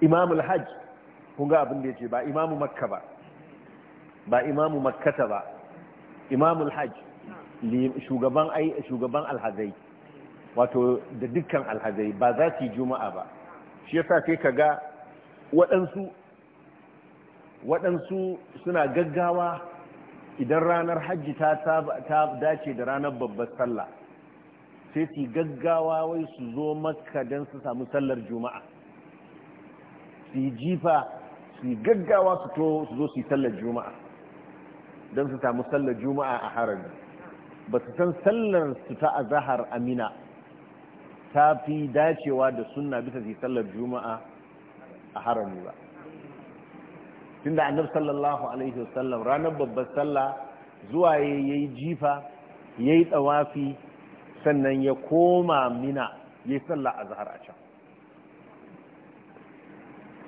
imamul hajj kun ga abin da ya ce ba imamu makka ba ba imamu makkata ba imamul hajj shugaban shugaban alhazai wato da dukkan alhazai ba za su yi juma'a ba shi yasa sai ka ga waɗansu waɗansu suna gaggawa idan ranar hajji ta dace da ranar babbar sallah sai su gaggawa wai su zo makka don su samu sallar juma'a su yi jifa su yi gaggawa su to su zo su yi sallar juma'a don su samu sallar juma'a a harami ba su san sallar su ta azahar amina ta fi dacewa da sunna bisa su sallar juma'a a harami ba tun da annab sallallahu alaihi wasallam ranar babbar sallah zuwa ya yi jifa ya yi tsawafi sannan ya koma mina ya yi sallah a zahar a can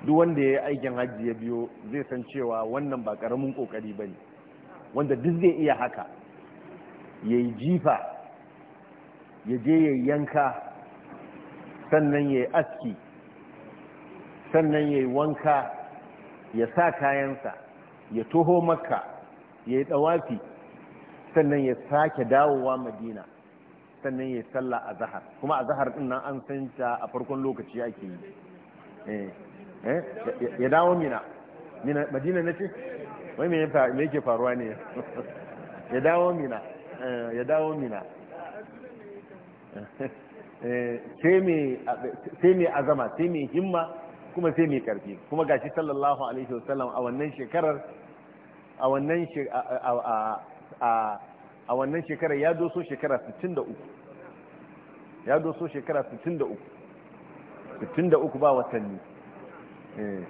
duk wanda ya yi aikin hajji ya biyo zai san cewa wannan ba ƙaramin ƙoƙari ba ne wanda duk zai iya haka ya yi jifa ya je ya yanka sannan ya yi aski sannan ya yi wanka ya sa kayansa ya toho makka ya yi tsawafi, sannan ya sake dawowa madina sannan ya yi sallah a zahar kuma a zahar ɗin an san ta a farkon lokaci ake yi eh, eh, ya dawo mina madina na ce wai me yake faruwa ne ya dawo mina eh, ya dawo mina eh, sai mai azama sai mai himma kuma sai mai karfi kuma gashi sallallahu alaihi wasallam a wannan shekarar a wannan a wannan shekarar ya doso shekara 63 ya doso shekara 63 63 ba watanni eh,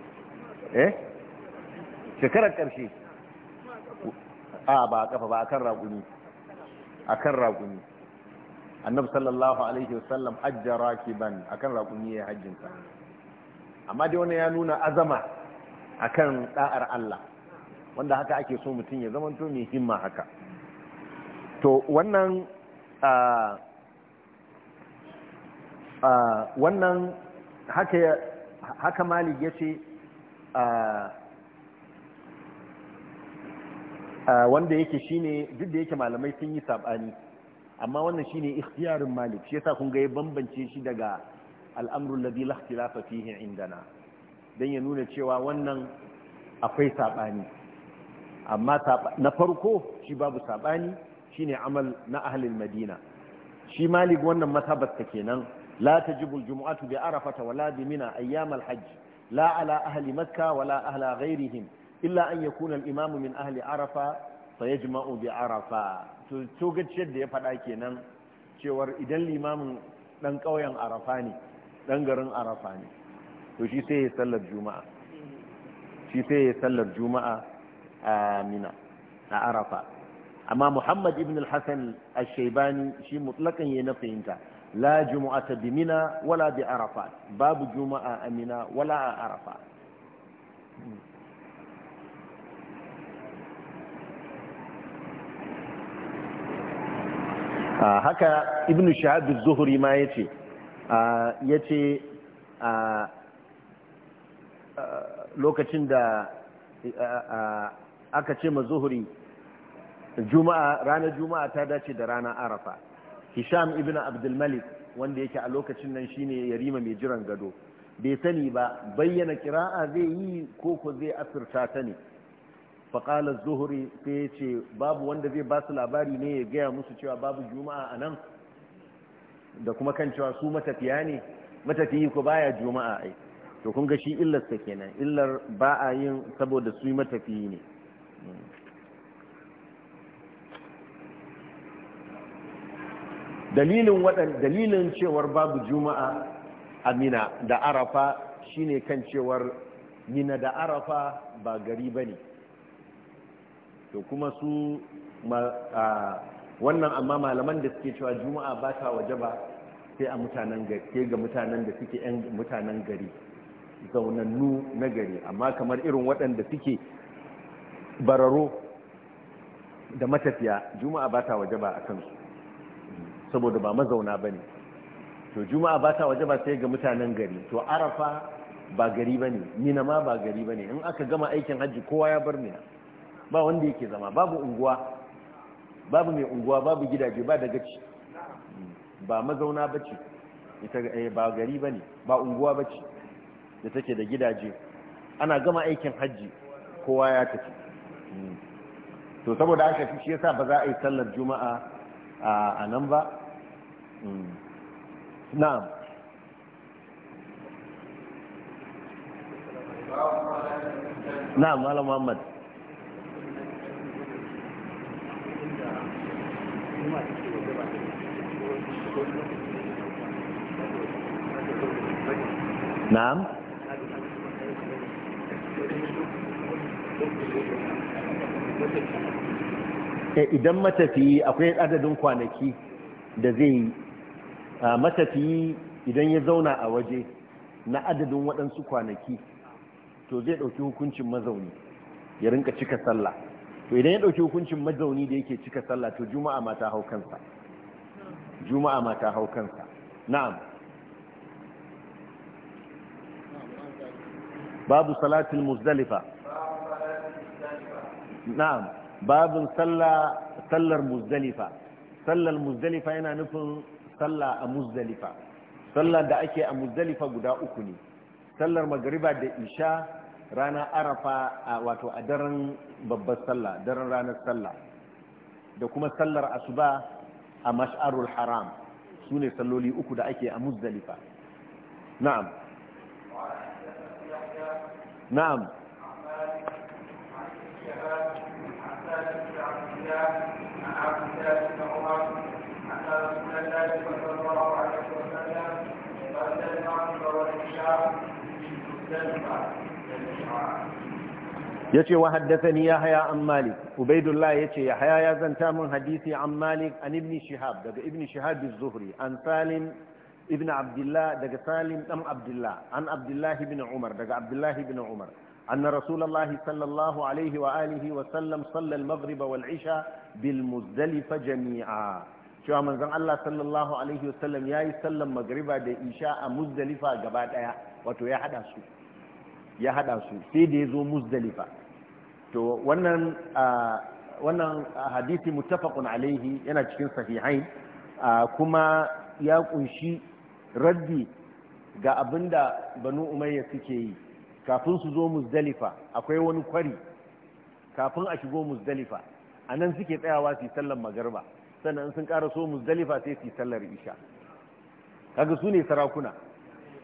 eh? shekarar ƙarshe a ba a kafa ba a kan raƙuni a kan raƙuni annabi sallallahu alaihi wasallam hajja rakiban a kan raƙuni ya yi hajjinsa amma dai wani ya nuna azama a kan ɗa'ar Allah wanda haka ake so mutum ya zama to mai himma haka to wannan wannan haka malik ya ce wanda yake shine duk da yake malamai sun yi sabani amma wannan shine ikhtiyarin malik shi yasa kun ga ya bambance shi daga al'amrul ladhi la ikhtilafa fihi indana dan ya nuna cewa wannan akwai sabani amma na farko shi babu sabani shine amal na ahlul madina shi malik wannan ta kenan la tajibu jumu'atu jumatu bi arafata wala bi mina ayyamal hajj la ala ahli makkah wala ahla ghayrihim illa an ya kunan imam min ahli arafa fa yajma'u bi arafa to to da ya faɗa kenan cewar idan limamin dan ƙauyen arafa ne dan garin arafa ne to shi sai ya sallar juma'a shi sai ya sallar juma'a a mina a arafa amma muhammad ibn al-hasan al shi mutlakan ya na fahimta la jumu'ata bi mina wala bi arafa babu juma'a a mina wala a arafa haka ibn shahab zuhuri ma yace yace ya ce lokacin da aka ce ma zuhuri ranar juma'a ta dace da ranar arafa hisham ibn abdulmalik wanda yake a lokacin nan shine yarima mai jiran gado bai sani ba bayyana kira'a zai yi koko zai asirta ta ne faƙala zuhuri sai ya ce babu wanda zai ba su labari ne ya gaya musu cewa babu juma'a a nan da kuma kan cewa su matafiya ne matafiyi ko baya juma'a ai to kun ga shi illar illarsa kenan illar ba a yin saboda su matafiyi ne dalilin waɗan dalilin cewar babu juma'a a mina da arafa shine kan cewar mina da arafa ba gari ba ne. to kuma su wannan amma malaman da suke cewa juma'a ba ta wajaba sai a mutanen gari ga mutanen da suke yan mutanen gari zaunannu na gari amma kamar irin waɗanda suke bararo da matafiya juma'a ba ta wajaba a kansu saboda ba mazauna ba ne to juma'a ba ta wajaba sai ga mutanen gari to arafa ba gari ba ne nina ma ba gari ba ne in aka gama aikin hajji kowa ya bar mina ba wanda yake zama babu unguwa babu mai unguwa babu gidaje ba da gaci ba mazauna ba ce eh, ba gari ba ne ba unguwa ba ce da take da gidaje ana gama aikin hajji kowa ya tafi to saboda haka shi yasa ba za a yi sallar juma'a a nan ba na'am na'am malam muhammad نعم eh, idan matafiyi akwai adadin kwanaki da zai yi ah, matafiyi idan ya zauna a waje na adadin waɗansu kwanaki to zai ɗauki hukuncin mazauni ya rinka cika sallah to idan ya ɗauki hukuncin mazauni da yake cika sallah to juma'a ma ta hau kansa juma'a ma ta hau kansa na'am babu salatul muzdalifa na'am babun sallar muzdalifa sallar muzdalifa yana nufin sallah a muzdalifa sallar da ake a muzdalifa guda uku ne sallar magariba da isha rana arafa a wato a daren babbar sallah daren ranar sallah da kuma sallar asuba a mash'arul haram su ne salloli uku da ake a muzdalifa na'am na'am Thank you. ya ce wa haddasani ya haya an malik ubaidullah ya ce ya haya ya zanta min hadisi an malik an ibni shihab daga ibni shihab zuhri an salim ibn abdullah daga salim dan abdullah an abdullah ibn umar daga abdullah ibn umar أن رسول الله صلى الله عليه وآله وسلم صلى المغرب والعشاء بالمزدلفة جميعا شو من زن الله صلى الله عليه وسلم ياي سلم مغربا دا إشاء مزدلفة قبات آيا وتو يحد أسو ya hada su sai da ya zo muzdalifa to wannan wannan hadisi muttafaqun alaihi yana cikin sahihain kuma ya kunshi raddi ga abinda banu umayya suke yi kafin su zo muzdalifa akwai wani kwari kafin a shigo muzdalifa a nan suke tsayawa su sallar magarba sannan sun ƙara so muzdalifa sai su sallar isha kaga su ne sarakuna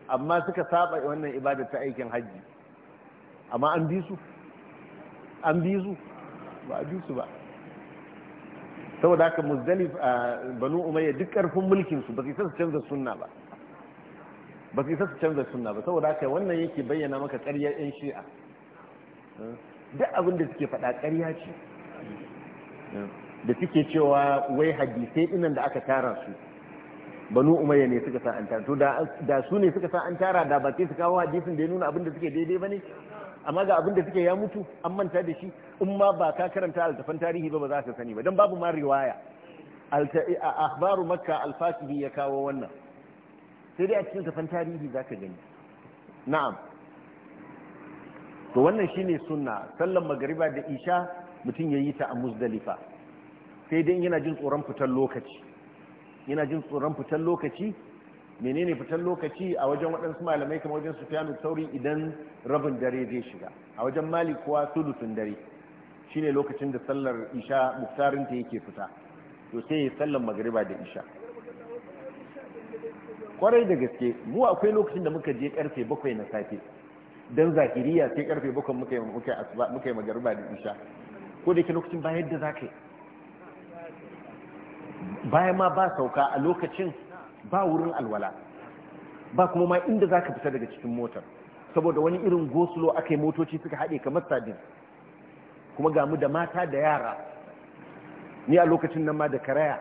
amma suka saba wannan ibada ta aikin hajji amma an bi su an bi su ba a bi su ba saboda haka muzdalif a banu umayya duk karfin mulkin su ba su isa su canza sunna ba ba su isa su canza sunna ba saboda haka wannan yake bayyana maka ƙaryar yan shi'a duk abin da suke faɗa ƙarya ce da suke cewa wai hadisai dinan da aka tara su banu umayya ne suka sa an tara to da su ne suka sa an tara da ba sai su kawo hadisin da ya nuna abin da suke daidai ba ne amma ga abin da suke ya mutu an manta da shi in ma ba ka karanta altafan tarihi ba ba za ka sani ba don babu ma riwaya akhbaru makka alfasihi ya kawo wannan sai dai a cikin tafan tarihi za ka gani na'am to wannan shine sunna sallan magariba da isha mutum ya yi ta a muzdalifa sai dai yana jin tsoron fitan yana jin tsoron fitar lokaci menene fitan lokaci a wajen waɗansu malamai kamar wajen su sufyanu sauri idan rabin dare zai shiga a wajen mali kuwa sulusun dare shine lokacin da sallar isha muktarin ta yake fita to sai sallar magariba da isha kwarai da gaske mu akwai lokacin da muka je karfe bakwai na safe dan zahiriya sai karfe bakwai muka yi muka yi magariba da isha ko da ke lokacin ba yadda ka yi bayan ma ba sauka a lokacin ba wurin alwala ba kuma ma inda za ka fita daga cikin motar saboda wani irin gosulo aka yi motoci suka haɗe kamar sadin kuma ga mu da mata da yara ni a lokacin nan ma da karaya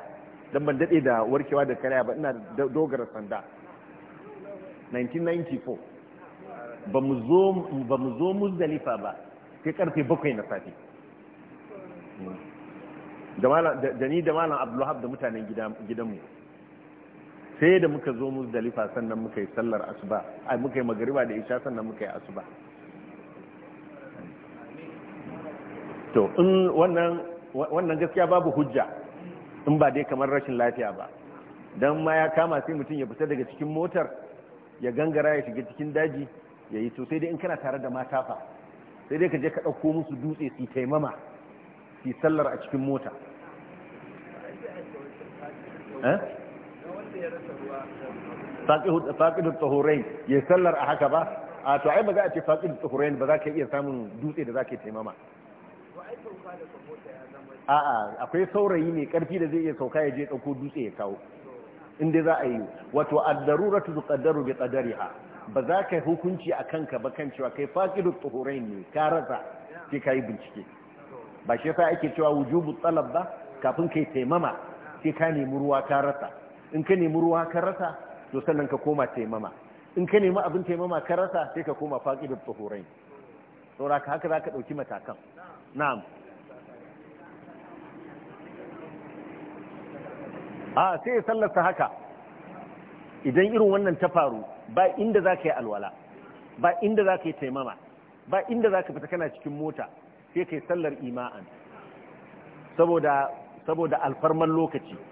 don ban daɗe da warkewa da karaya ba ina da dogara sanda 1994 ba mu zo muzdalifa ba sai karfe bakwai na safi da ni da malam abdullahab da mutanen gidanmu sai da muka zo muzdalifa sannan muka yi sallar asuba ai muka yi magariba da isha sannan muka yi asuba to in wannan wannan gaskiya babu hujja in ba dai kamar rashin lafiya ba dan ma ya kama sai mutum ya fita daga cikin motar ya gangara ya shiga cikin daji ya yi to sai dai in kana tare da mata fa sai dai ka je ka ɗauko musu dutse su taimama su sallar a cikin mota eh da tsohorai ya sallar a haka ba a to ba za a ce da tsohorai ba za ka iya samun dutse da za ka taimama a akwai saurayi mai ƙarfi da zai iya sauka ya je dauko dutse ya kawo inda za a yi wato ad-daruratu tuqaddaru bi ha ba za ka hukunci a kanka ba kan cewa kai da tsohorai ne ka rasa sai ka yi bincike ba shi yasa ake cewa wujubu tsalab ba kafin kai taimama sai ka nemi ruwa ka rasa in ka nemi ruwa ka rasa to sannan ka koma taimama in ka nemi abin taimama ka rasa sai ka koma da tsohorai saura ka haka za ka ɗauki matakan na'am a sai ya sallarsa haka idan irin wannan ta faru ba inda za ka yi alwala ba inda za ka yi taimama ba inda za ka fita kana cikin mota sai ka yi sallar ima'an saboda alfarman lokaci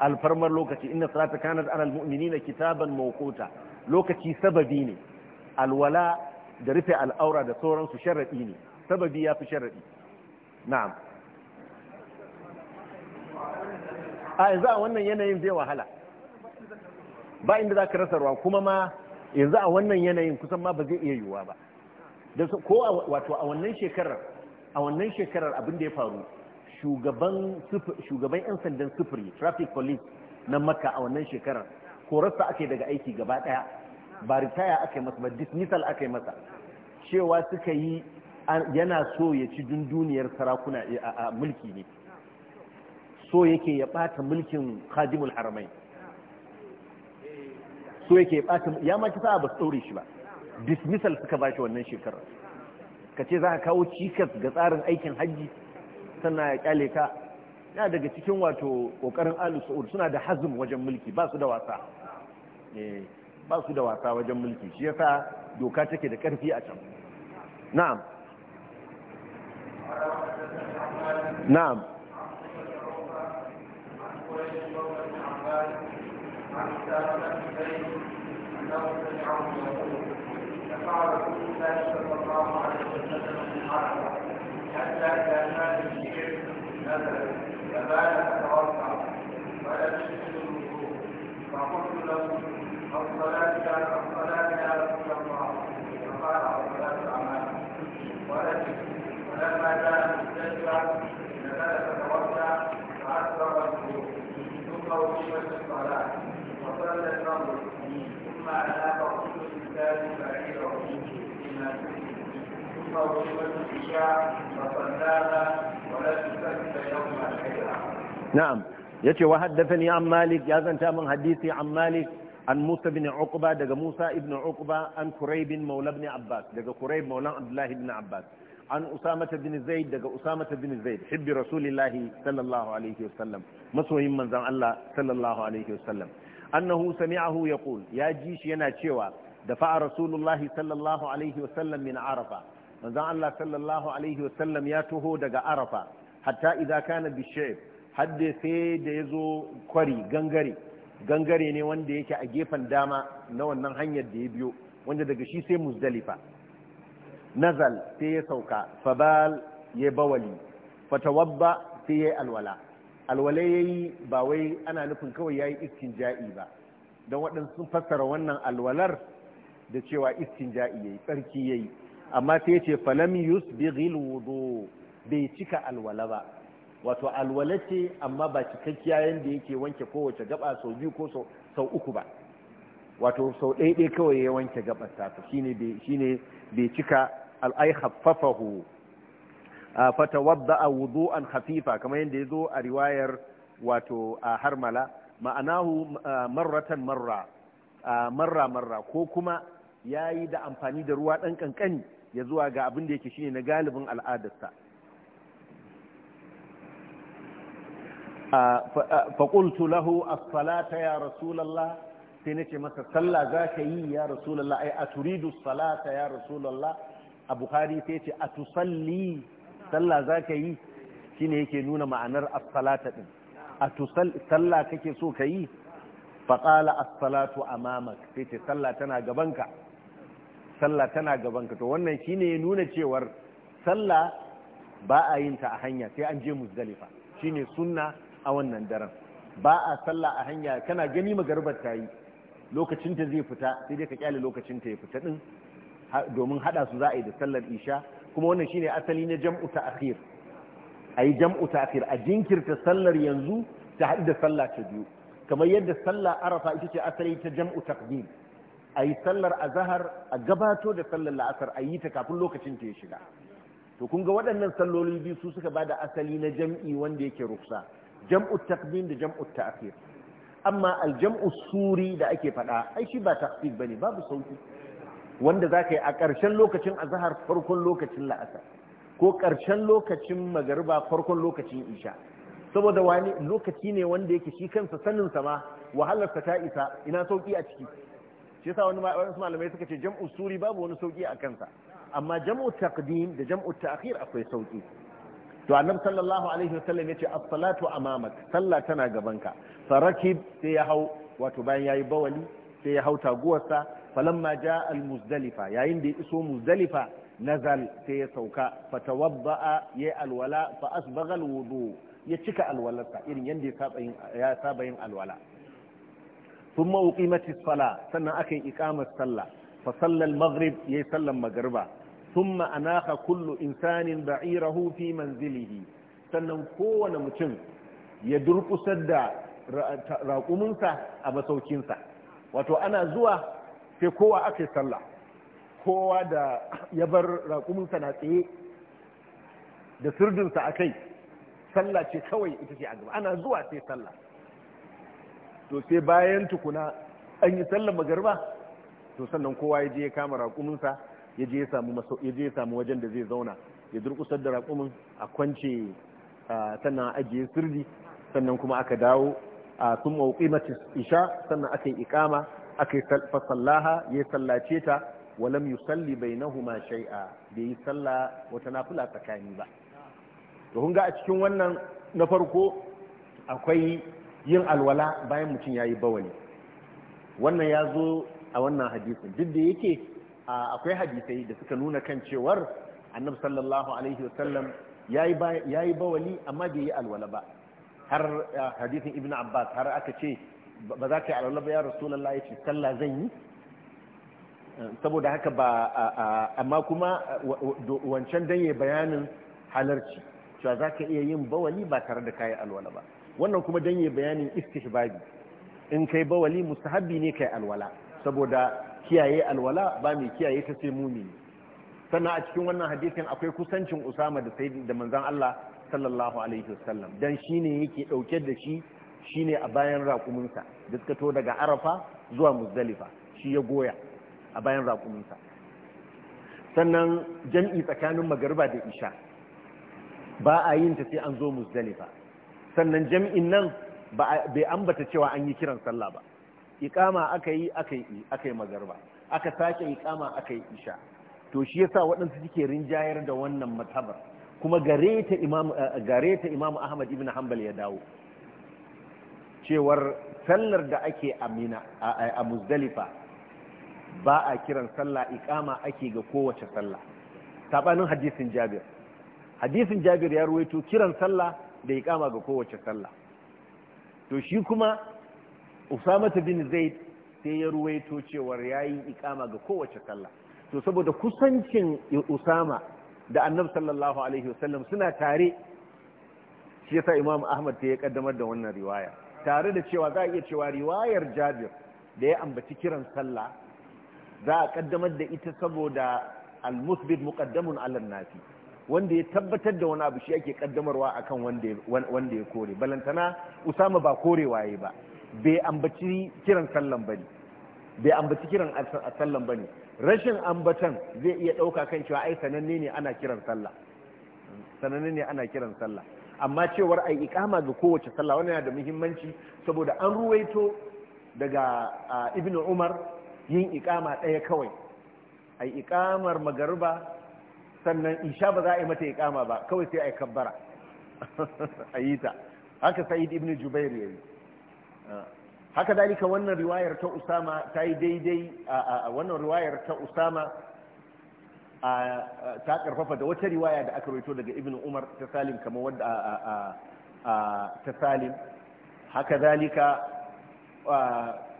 alfarmar lokaci inna salata kanat ala almu'minina kitaban mawquta lokaci sababi ne alwala da rufe al'aura da sauransu sharadi ne sababi ya fi sharadi na'am a yanzu a wannan yanayin zai wahala ba inda za ka rasa ruwa kuma ma yanzu a wannan yanayin kusan ma ba zai iya yiwuwa ba ko wato a wannan shekarar a wannan shekarar abin da ya faru shugaban shugaban yan sandan sufuri traffic police na makka a wannan shekarar korarsa ake daga aiki gaba daya ba ritaya aka yi masa ba dismissal aka yi masa cewa suka yi yana so ya ci dunduniyar sarakuna a mulki ne so yake ya bata mulkin khadimul haramai so yake ya bata ya ma kisa ba su tsore shi ba dismissal suka ba shi wannan shekarar ka ce za ka kawo cikas ga tsarin aikin hajji sannan ya kyale ka ya daga cikin wato kokarin alu sa'ud suna da hazin wajen mulki ba su da wasa eh, ba su da wasa wajen mulki shi ya sa doka take da karfi a can na'am na'am حتى كان الشعر نزل فبال فتوقع ولم يجد الوضوء فقلت له الصلاة الصلاة يا رسول الله فقال الصلاة الأعمال ولما جاء المستشفى نزل فتوقع فأكبر الوضوء ثم أقيمت الصلاة وصلى الفرض ثم أناب كل إنسان بعيره بما كنت نعم يتي وحدثني عن مالك يا زنتا من حديثي عن مالك عن موسى بن عقبة دقى موسى ابن عقبة عن كريب مولى بن عباس دقى كريب مولى عبد الله بن عباس عن أسامة بن زيد دقى أسامة بن زيد حب رسول الله صلى الله عليه وسلم مسوه من زن الله صلى الله عليه وسلم أنه سمعه يقول يا جيش ينا شوى دفع رسول الله صلى الله عليه وسلم من عرفة manzon Allah sallallahu alaihi wasallam ya taho daga arafa hatta idza kana bishayb hadde sai da yazo kwari gangare gangare ne wanda yake a gefen dama na wannan hanyar da ya biyo wanda daga shi sai muzdalifa nazal sai ya sauka fabal ya bawali fatawabba sai ya alwala alwala yayi ba wai ana nufin kawai ya yi iskin ja'i ba don waɗansu sun fassara wannan alwalar da cewa iskin ya yayi tsarki yayi amma sai yace falam yusbighil wudu bai cika alwala ba wato alwala ce amma ba cikakkiya yanda yake wanke kowace gaba sau biyu ko sau uku ba wato sau ɗaiɗai kawai ya wanke gabar ta shine bai bai cika al'ai haffafahu fatawadda wudu'an hafifa kamar ya zo a riwayar wato harmala ma'anahu marratan marra marra marra ko kuma yayi da amfani da ruwa dan kankani ya zuwa ga abin da yake shine na galibin al'adarsa faƙultu lahu as-salata ya rasulallah sai nace masa sallah za ka yi ya rasulallah ai a turidu salata ya rasulallah a bukhari sai ce a tusalli sallah za ka yi shine yake nuna ma'anar as-salata din a sallah kake so ka yi faƙala as-salatu amamak sai ce sallah tana gabanka sallah tana gaban ka to wannan shine ya nuna cewar sallah ba a yin ta a hanya sai an je muzdalifa shine sunna a wannan daren ba a sallah a hanya kana gani magarbar ta yi lokacin ta zai fita sai dai ka kyale lokacin ta ya fita din domin hada su za a yi da sallar isha kuma wannan shine asali na jam'u ta'khir ayi jam'u ta'khir a jinkirta sallar yanzu ta haɗu da sallah ta biyu kamar yadda sallah arafa ita ce asali ta jam'u taqdim a yi sallar azahar a gabato da sallar la'asar a yi ta kafin lokacin ta ya shiga to kun ga waɗannan salloli biyu su suka ba da asali na jam'i wanda yake rufsa jam'u takbin da jam'u ta'khir amma aljam'u suri da ake faɗa ai shi ba takfif bane babu sauki wanda zaka yi a ƙarshen lokacin azhar farkon lokacin la'asar ko ƙarshen lokacin magariba farkon lokacin isha saboda wani lokaci ne wanda yake shi kansa sanin sa ma wahalar ta isa ina sauki a ciki shi yasa wani malamai suka ce jam'u suri babu wani sauki a kansa amma jam'u taqdim da jam'u ta'khir akwai sauki to annab sallallahu alaihi wasallam yace as-salatu amamak sallah tana gabanka farakib sai ya hau wato bayan yayi bawali sai ya hau taguwarsa falamma jaa al-muzdalifa yayin da ya iso muzdalifa nazal sai ya sauka fatawadda'a ya alwala fa asbagha al-wudu ya cika alwalarsa irin yanda ya saba yin alwala sun mawuƙi mace sala sannan aka yi ikamar sallah fa sallar maghrib ya yi sallar magariba sun ma'ana ka kullu insanin ba'ira hufi man zilihi sannan kowane mutum ya durkusar da raƙuminsa a masaukinsa wato ana zuwa kowa aka sallah kowa da ya bar raƙuminsa na tsaye da sirdinsa a kai sallah ce kawai ita ce a gaba ana zuwa sai sallah to sai bayan tukuna an yi sallar magarba to sannan kowa ya je ya kama raƙuminsa ya je ya samu wajen da zai zauna ya durƙusar da raƙumin a kwance sannan ajiye sirri sannan kuma aka dawo a sun mawuƙimatis isha sannan aka yi ikama aka yi fasallaha ya sallace ta walam yi salli bai na huma shai'a bai yi salla wata nafula tsakani ba to ga a cikin wannan na farko akwai yin alwala bayan mutum ya yi bawali wannan ya zo a wannan hadisin duk da yake akwai hadisai da suka nuna kan cewar annabi sallallahu alaihi wasallam ya yi bawali amma bai yi alwala ba har hadisin ibn abbas har aka ce ba za ka yi alwala ba ya rasulallah ya ce sallah zan yi saboda haka ba amma kuma wancan dan ya bayanin halarci cewa za ka iya yin bawali ba tare da kayi alwala ba wannan kuma don yi bayanin istihbabi in kai bawali mustahabbi ne kai alwala saboda kiyaye alwala ba mai kiyaye ta sai mumini sannan a cikin wannan hadisin akwai kusancin usama da sayyidin da manzon Allah sallallahu alaihi wasallam dan shine yake dauke da shi shine a bayan raƙuminsa da suka to daga arafa zuwa muzdalifa shi ya goya a bayan rakuminsa sannan jam'i tsakanin magariba da isha ba a yin ta sai an zo muzdalifa sannan jami'in nan bai ambata cewa an yi kiran sallah ba ikama aka yi aka yi aka yi magarba aka sake ikama aka yi isha to shi yasa waɗansu suke rinjayar da wannan matabar kuma gare ta imam eh, gare ta imam ahmad ibn hanbal ya dawo cewar sallar da ake amina a muzdalifa ba a kiran sallah ikama ake ga kowace sallah sabanin hadisin jabir hadisin jabir ya ruwaito kiran sallah da kama ga kowace sallah to shi kuma usama bin zaid sai ya ruwaito cewar yayi ikama ga kowace sallah to saboda kusancin usama da annabi sallallahu alaihi wasallam suna tare shi yasa imam ahmad ta ya kaddamar da wannan riwaya tare da cewa za a iya cewa riwayar jabir da ya ambaci kiran sallah za a kaddamar da ita saboda al-musbid muqaddamun ala an-nasi wanda ya tabbatar da wani abu shi ake kaddamarwa kan wanda ya kore balantana usama ba korewa ya ba bai ambaci kiran sallan bane bai ambaci kiran sallan bane rashin ambatan zai iya dauka kan cewa ai sananne ne ana kiran sallah sananne ne ana kiran sallah amma cewar ai ikama ga kowace sallah wannan yana da muhimmanci saboda an ruwaito daga ibnu umar yin ikama ɗaya kawai ai ikamar magariba sannan isha ba za a yi mata kama ba kawai sai a yi kabbara a yi ta haka sa'id ibn jubair yayi haka dalika wannan riwayar ta usama ta yi daidai a wannan riwayar ta usama ta karfafa da wata riwaya da aka rito daga ibn umar ta salim kamar wadda ta salim haka dalika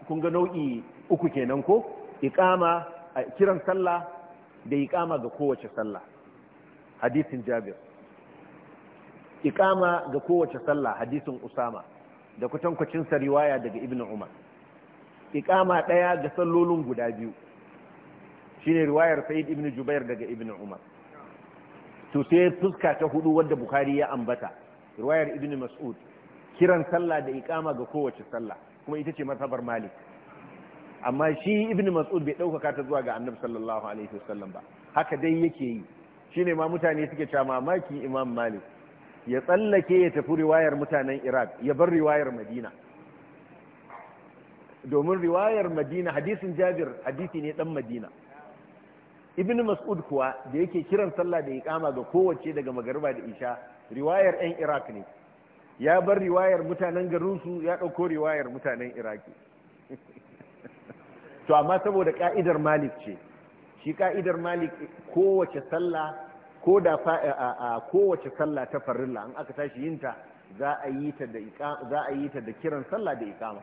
kun ga nau'i uku kenan ko iqama kiran sallah da iqama ga kowace sallah hadisin jabir ikama ga kowace sallah hadisin usama da kwatankwacin sa riwaya daga ibn umar ikama daya ga sallolin guda biyu shine riwayar Sayyid ibn jubair daga ibn umar to sai fuska ta hudu wadda bukhari ya ambata riwayar ibn mas'ud kiran sallah da ikama ga kowace sallah kuma ita ce mazhabar malik amma shi ibn mas'ud bai ɗaukaka ta zuwa ga annabi sallallahu alaihi wasallam ba haka dai yake yi shine ma mutane suke cewa mamaki imam malik ya tsallake ya tafi riwayar mutanen iraq ya bar riwayar madina domin riwayar madina hadisin jabir hadisi ne dan madina ibn mas'ud kuwa da yake kiran sallah da iqama ga kowace daga magariba da isha riwayar ɗan iraq ne ya bar riwayar mutanen garinsu ya ɗauko riwayar mutanen iraki to amma saboda ka'idar malik ce shi ka'idar malik kowace sallah ko da kowace sallah ta farilla an aka tashi yinta za a yi ta da za a yi ta da kiran sallah da iqama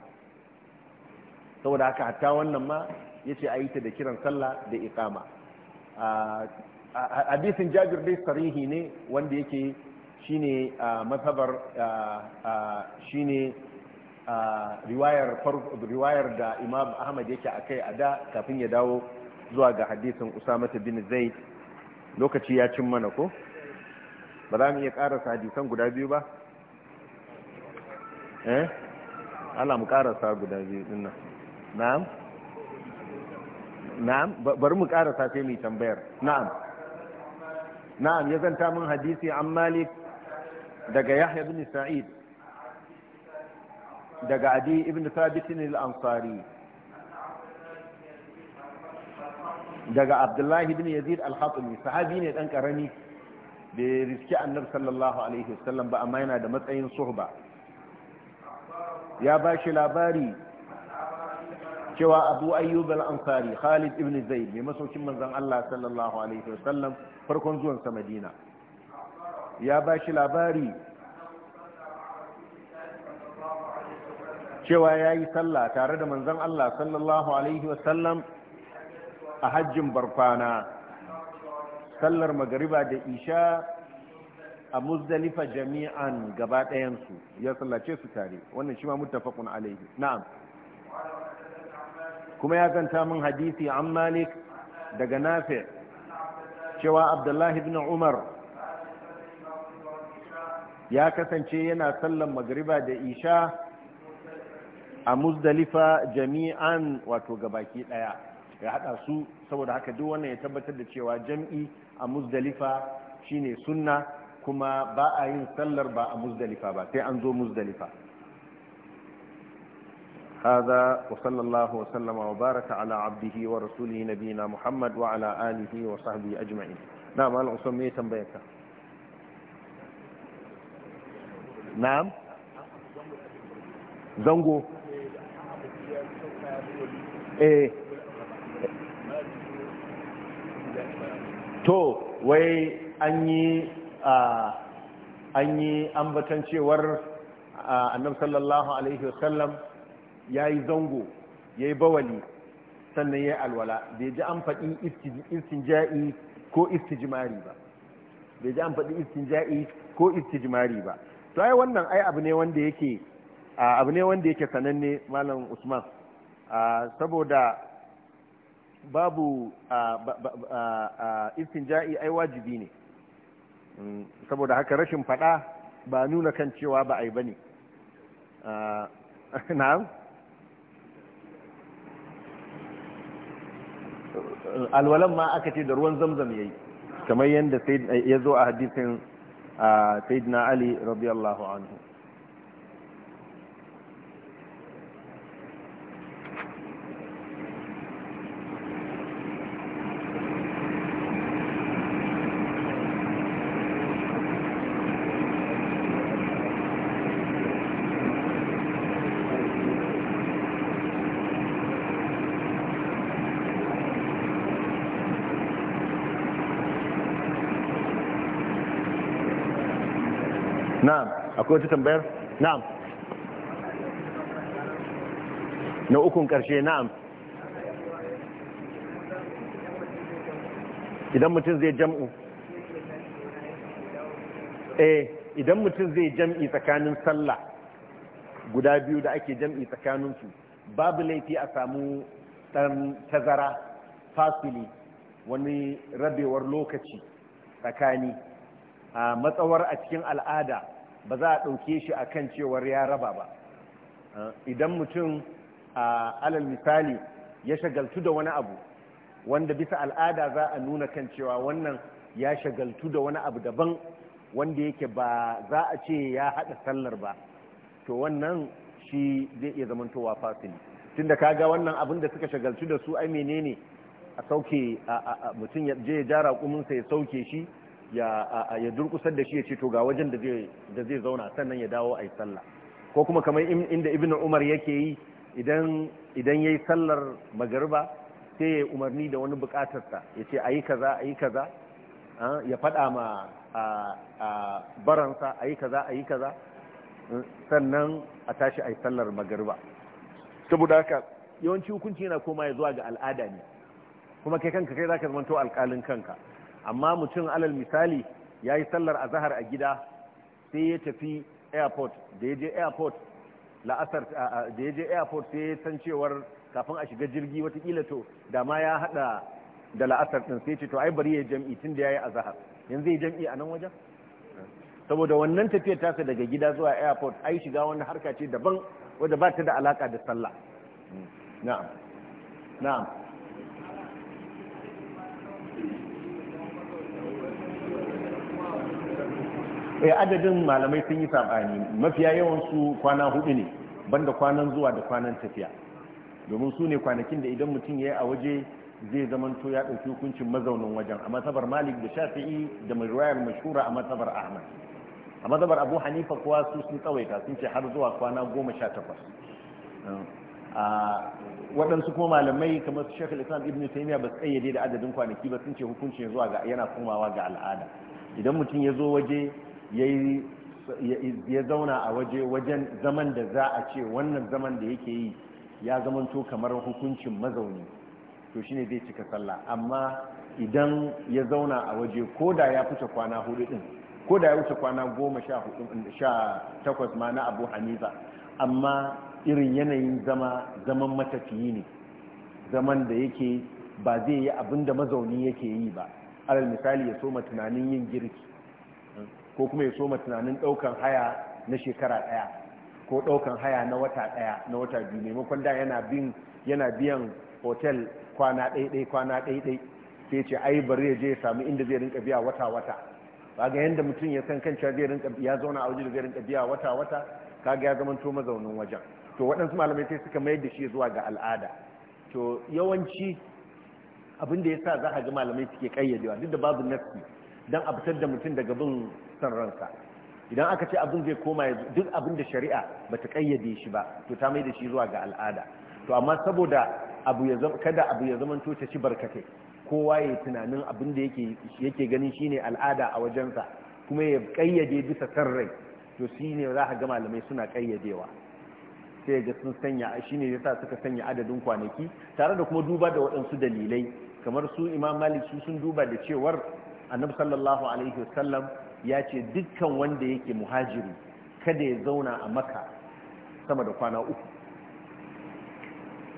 saboda haka hatta wannan ma yace a yi ta da kiran sallah da iqama hadisin Jabir dai sarihi ne wanda yake shine mazhabar shine riwayar riwayar da Imam Ahmad yake a kai a da kafin ya dawo zuwa ga hadisin usamata bin zaid lokaci ya cin mana ko ba za mu iya karasa hadisan guda biyu ba eh ala mu karasa guda biyu nan na'am na'am bari mu karasa sai mu tambayar na'am na'am ya zanta min hadisi an malik daga yahya bin sa'id daga adi ibn thabit al-ansari daga abdullahi bin yazid al-hatimi sahabi ne dan karami da ya riski annabi sallallahu alaihi wasallam ba amma yana da matsayin suhba ya ba shi labari cewa abu ayyub al-ansari khalid ibn zaid mai masaukin manzon Allah sallallahu alaihi wasallam farkon zuwan sa madina ya ba shi labari cewa ya yi sallah tare da manzon Allah sallallahu alaihi wasallam a hajjin barkwana sallar magariba da isha a muzdalifa jami'an gaba ɗayansu ya sallace su tare wannan shi ma muttafaqun alaihi na'am kuma ya zanta min hadisi an malik daga nafi cewa abdullahi ibn umar ya kasance yana sallar magariba da isha a muzdalifa jami'an wato gabaki ɗaya ya hada su saboda haka duk wannan ya tabbatar da cewa jam'i a muzdalifa shine sunna kuma ba a yin sallar ba a muzdalifa ba sai an zo muzdalifa هذا وصلى الله وسلم وبارك على عبده ورسوله نبينا محمد وعلى آله وصحبه أجمعين نعم أنا أسميه تنبيك نعم زنقو ايه to wai an yi an yi ambatan cewar annab sallallahu alaihi wasallam ya yi zango ya yi bawali sannan ya yi alwala bai ji an faɗi istinja'i ko istijimari ba bai ji an faɗi istinja'i ko istijimari ba to ai wannan ai abu ne wanda yake abu ne wanda yake sananne malam usman saboda babu ja'i ai wajibi ne mm, saboda haka rashin fada ba nuna kan cewa ba ai bane na'am alwalan ma aka ce da ruwan zamzam yayi kamar yadda ya zo a hadisin sayyidina ali radiyallahu anhu akwai wata tambayar na'am na ukun karshe na'am idan mutum zai jam'u eh idan mutum zai jam'i tsakanin sallah guda biyu da ake jam'i tsakanin su, babu laifi a samu ɗan tazara fasili wani rabewar lokaci tsakani a matsawar a cikin al'ada ba za a ɗauke shi a kan cewar ya raba ba ah, idan mutum a alal misali ya shagaltu da wani abu wanda bisa al'ada za a nuna kan cewa wannan ya shagaltu da wani abu daban wanda yake ba za a ce ya haɗa sallar ba to wannan shi zai iya zamantowa fasili tunda kaga wannan abin da suka shagaltu da su ai menene a sauke mutum ya je ya ja raƙuminsa ya sauke shi ya durkusar da shi ya ce to ga wajen da zai zauna sannan ya dawo a yi sallah ko kuma kamar inda ibn umar yake yi idan ya yi sallar magariba sai ya umarni da wani bukatarsa ya ce a yi kaza a yi kaza ya faɗa ma baransa a yi kaza a yi kaza sannan a tashi a yi sallar magariba saboda haka yawanci hukunci yana koma ya zuwa ga al'ada ne kuma kai kanka kai za ka zama to alƙalin kanka amma mutum alal misali ya yi sallar azahar a gida sai ya tafi airport da ya je airport la'asar da ya je airport sai ya san cewar kafin a shiga jirgi watakila to da ma ya hada da la'asar din sai ce to ai bari ya jam'i tun da ya yi azahar yanzu ya jam'i a nan wajen saboda wannan tafiyar tasa daga gida zuwa airport ai shiga wani harka ce daban wadda ba ta da alaka da sallah hmm. na'am na'am Eh, adadin malamai sun yi sabani mafiya yawan su kwana hudu ne banda kwanan zuwa da kwanan tafiya domin su ne kwanakin da idan mutum ya yi a waje zai zamanto ya ɗauki hukuncin mazaunin wajen a matsabar malik da shafi'i da mai mashura a matsabar ahmad a matsabar abu hanifa kuwa su sun tsawaita sun ce har zuwa kwana goma sha takwas eh, waɗansu kuma malamai kamar su shekul islam ibn taimiyya ba su ƙayyade da adadin kwanaki ba sun ce hukuncin zuwa yana komawa ga al'ada idan mutum ya zo waje ya zauna a waje wajen zaman da za a ce wannan zaman da yake yi ya zamanto kamar hukuncin mazauni to shine zai cika sallah amma idan ya zauna a waje ko da ya fita kwana hudu din ko da ya wuce kwana goma sha hudu sha takwas ma na abu hanifa amma irin yanayin zama zaman matafiyi ne zaman da yake ba zai yi abin da mazauni yake yi ba alal misali ya soma tunanin yin girki ko kuma ya soma tunanin ɗaukan haya na shekara daya ko ɗaukan haya na wata ɗaya na wata biyu maimakon da yana bin yana biyan hotel kwana ɗaiɗai kwana ɗaiɗai sai ce ai bari ya je ya samu inda zai rinka biya wata wata ba ga yanda mutum ya san kancewa zai rinka ya zauna a waje da zai rinka biya wata wata kaga ya zama to mazaunin wajen to waɗansu malamai sai suka mayar da shi zuwa ga al'ada to yawanci abin da ya sa za a ga malamai suke kayyadewa duk da babu nassi don a fitar da mutum daga bin san ranka idan aka ce abin zai koma duk abin da shari'a ba ta kayyade shi ba to ta mai da shi zuwa ga al'ada to amma saboda kada abu ya zama to ta ci barkatai kowa ya tunanin abin da yake yake ganin shine al'ada a wajensa kuma ya kayyade bisa san rai to shine za ka ga malamai suna kayyadewa sai ga sun sanya shine yasa suka sanya adadin kwanaki tare da kuma duba da waɗansu dalilai kamar su imam malik su sun duba da cewar annabi sallallahu alaihi wasallam ya ce dukkan wanda yake muhajiri kada ya zauna a maka sama da kwana uku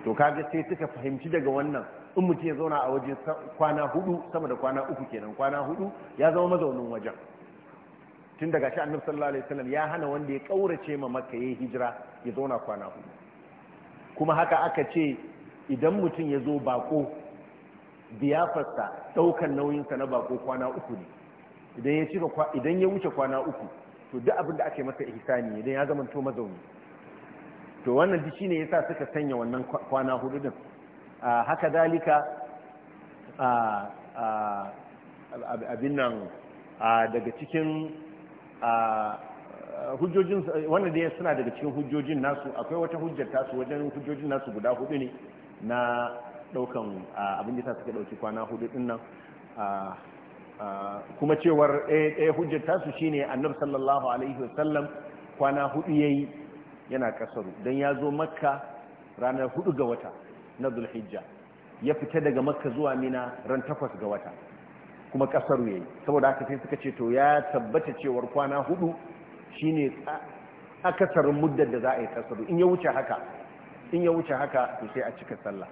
to kaga sai suka fahimci daga wannan in mutum ya zauna a waje kwana hudu sama da kwana uku kenan kwana hudu ya zama mazaunin wajen tun daga shi annabi sallallahu alaihi wasallam ya hana wanda ya kaurace ma makka yayi hijira ya zauna kwana hudu kuma haka aka ce idan mutum ya zo bako biyafarsa daukan nauyinsa na bako kwana uku ne idan ya cika idan ya wuce kwana uku to duk abin da ake masa ihsani idan ya zama to mazauni to wannan duk shine yasa suka sanya wannan kwana hudu din haka dalika abin nan daga cikin hujjojin wannan dai suna daga cikin hujjojin nasu akwai wata hujjar su wajen hujjojin nasu guda hudu ne na daukan abin da suka dauki kwana hudu din nan kuma cewar ɗaya eh, eh, hujjar tasu shine annabi sallallahu alaihi wasallam kwana hudu yayi yana kasaru don ya zo makka ranar hudu ga wata na zulhijja ya fita daga makka zuwa mina ran takwas ga wata kuma kasaru yayi saboda aka sai suka ce to ya tabbata cewar kwana hudu shine akasarin muddar da za a yi kasaru in ya wuce haka in ya wuce haka to sai a cika sallah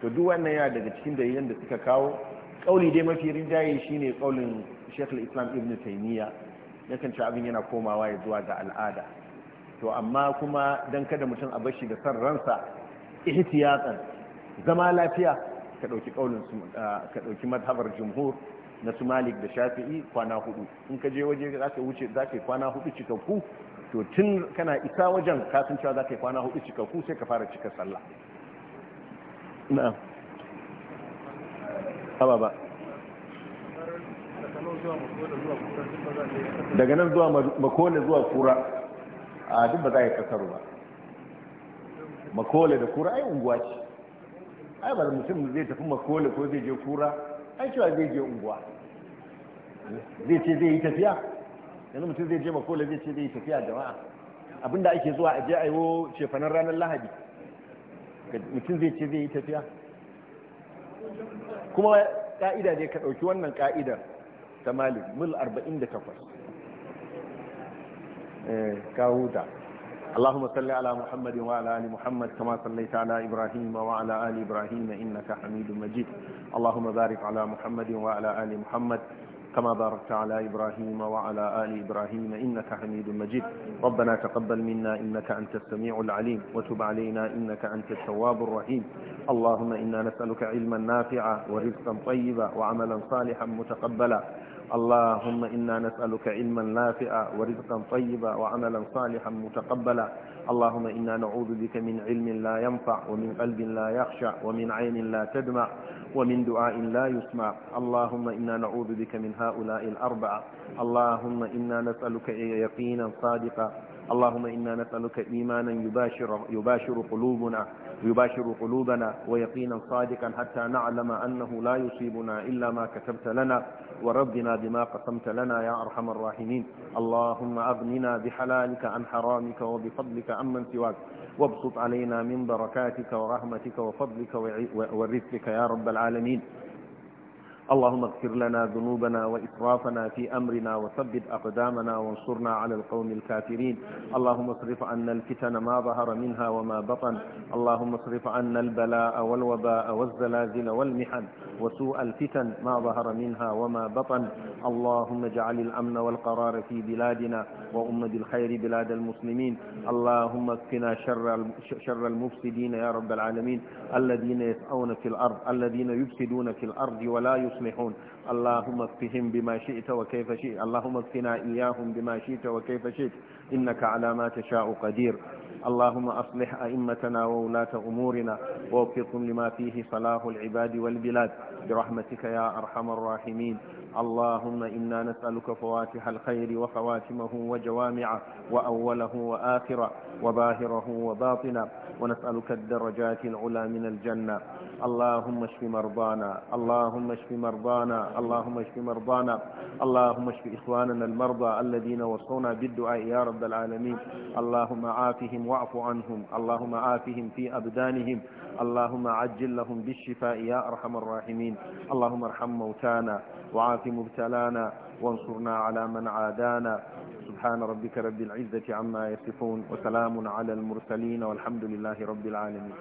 to duk wannan yana daga cikin dalilan da suka kawo kauli dai mafi rinjaye shine kaulin Sheikh islam Ibn Taymiyyah yakan ci abin yana komawa ya zuwa ga al'ada to amma kuma dan kada mutum a bashi da san ransa ihtiyatan zama lafiya ka dauki kaulin su jumhur na su Malik da Shafi'i kwana hudu in ka je waje za ka wuce za ka kwana hudu cikakku to tun kana isa wajen kasancewa za ka yi kwana hudu cikakku sai ka fara cika sallah haba ba daga nan zuwa makole zuwa kura a duk ba za a yi kasar ba makole da kura ai unguwa ce ai ba mutum zai tafi makole ko zai je kura ai cewa zai je unguwa zai ce zai yi tafiya yanzu mutum zai je makole zai ce zai yi tafiya jama'a abinda ake zuwa a je aiwo shefanar ranar lahadi mutum zai ce zai yi tafiya kuma ka'ida ne ka ɗauki wannan ka'idar ta malin mil 48 kawo da eh, allahumma salli ala muhammadin wa ala ali muhammad kama sallaita ala ibrahim wa ala ali ibrahim innaka hamidu majid allahumma barik ala muhammadin wa ala ali muhammad كما باركت على إبراهيم وعلى آل إبراهيم إنك حميد مجيد ربنا تقبل منا إنك أنت السميع العليم وتب علينا إنك أنت التواب الرحيم اللهم إنا نسألك علما نافعا ورزقا طيبا وعملا صالحا متقبلا اللهم إنا نسألك علما نافعا ورزقا طيبا وعملا صالحا متقبلا اللهم إنا نعوذ بك من علم لا ينفع ومن قلب لا يخشع ومن عين لا تدمع ومن دعاء لا يسمع اللهم إنا نعوذ بك من هؤلاء الأربعة اللهم إنا نسألك يقينا صادقا اللهم إنا نسألك إيمانا يباشر, يباشر قلوبنا يباشر قلوبنا ويقينا صادقا حتى نعلم أنه لا يصيبنا إلا ما كتبت لنا وربنا بما قسمت لنا يا أرحم الراحمين اللهم أغننا بحلالك عن حرامك وبفضلك عن من سواك وابسط علينا من بركاتك ورحمتك وفضلك ورزقك يا رب العالمين اللهم اغفر لنا ذنوبنا وإسرافنا في أمرنا وثبت أقدامنا وانصرنا على القوم الكافرين اللهم اصرف عنا الفتن ما ظهر منها وما بطن اللهم اصرف عنا البلاء والوباء والزلازل والمحن وسوء الفتن ما ظهر منها وما بطن اللهم اجعل الأمن والقرار في بلادنا وأمة الخير بلاد المسلمين اللهم اكفنا شر شر المفسدين يا رب العالمين الذين يسعون في الأرض الذين يفسدون في الأرض ولا يسعون يسمحون اللهم اكفهم بما شئت وكيف شئت اللهم اكفنا إياهم بما شئت وكيف شئت إنك على ما تشاء قدير اللهم أصلح أئمتنا وولاة أمورنا ووفقهم لما فيه صلاح العباد والبلاد برحمتك يا أرحم الراحمين اللهم إنا نسألك فواتح الخير وخواتمه وجوامعه وأوله وآخره وباهره وباطنه ونسألك الدرجات العلى من الجنة اللهم اشف مرضانا اللهم اشف مرضانا اللهم اشف مرضانا اللهم اشف إخواننا المرضى الذين وصونا بالدعاء يا رب العالمين اللهم عافهم واعف عنهم اللهم عافهم في أبدانهم اللهم عجل لهم بالشفاء يا أرحم الراحمين اللهم ارحم موتانا وعاف مبتلانا وانصرنا على من عادانا سبحان ربك رب العزة عما يصفون وسلام على المرسلين والحمد لله رب العالمين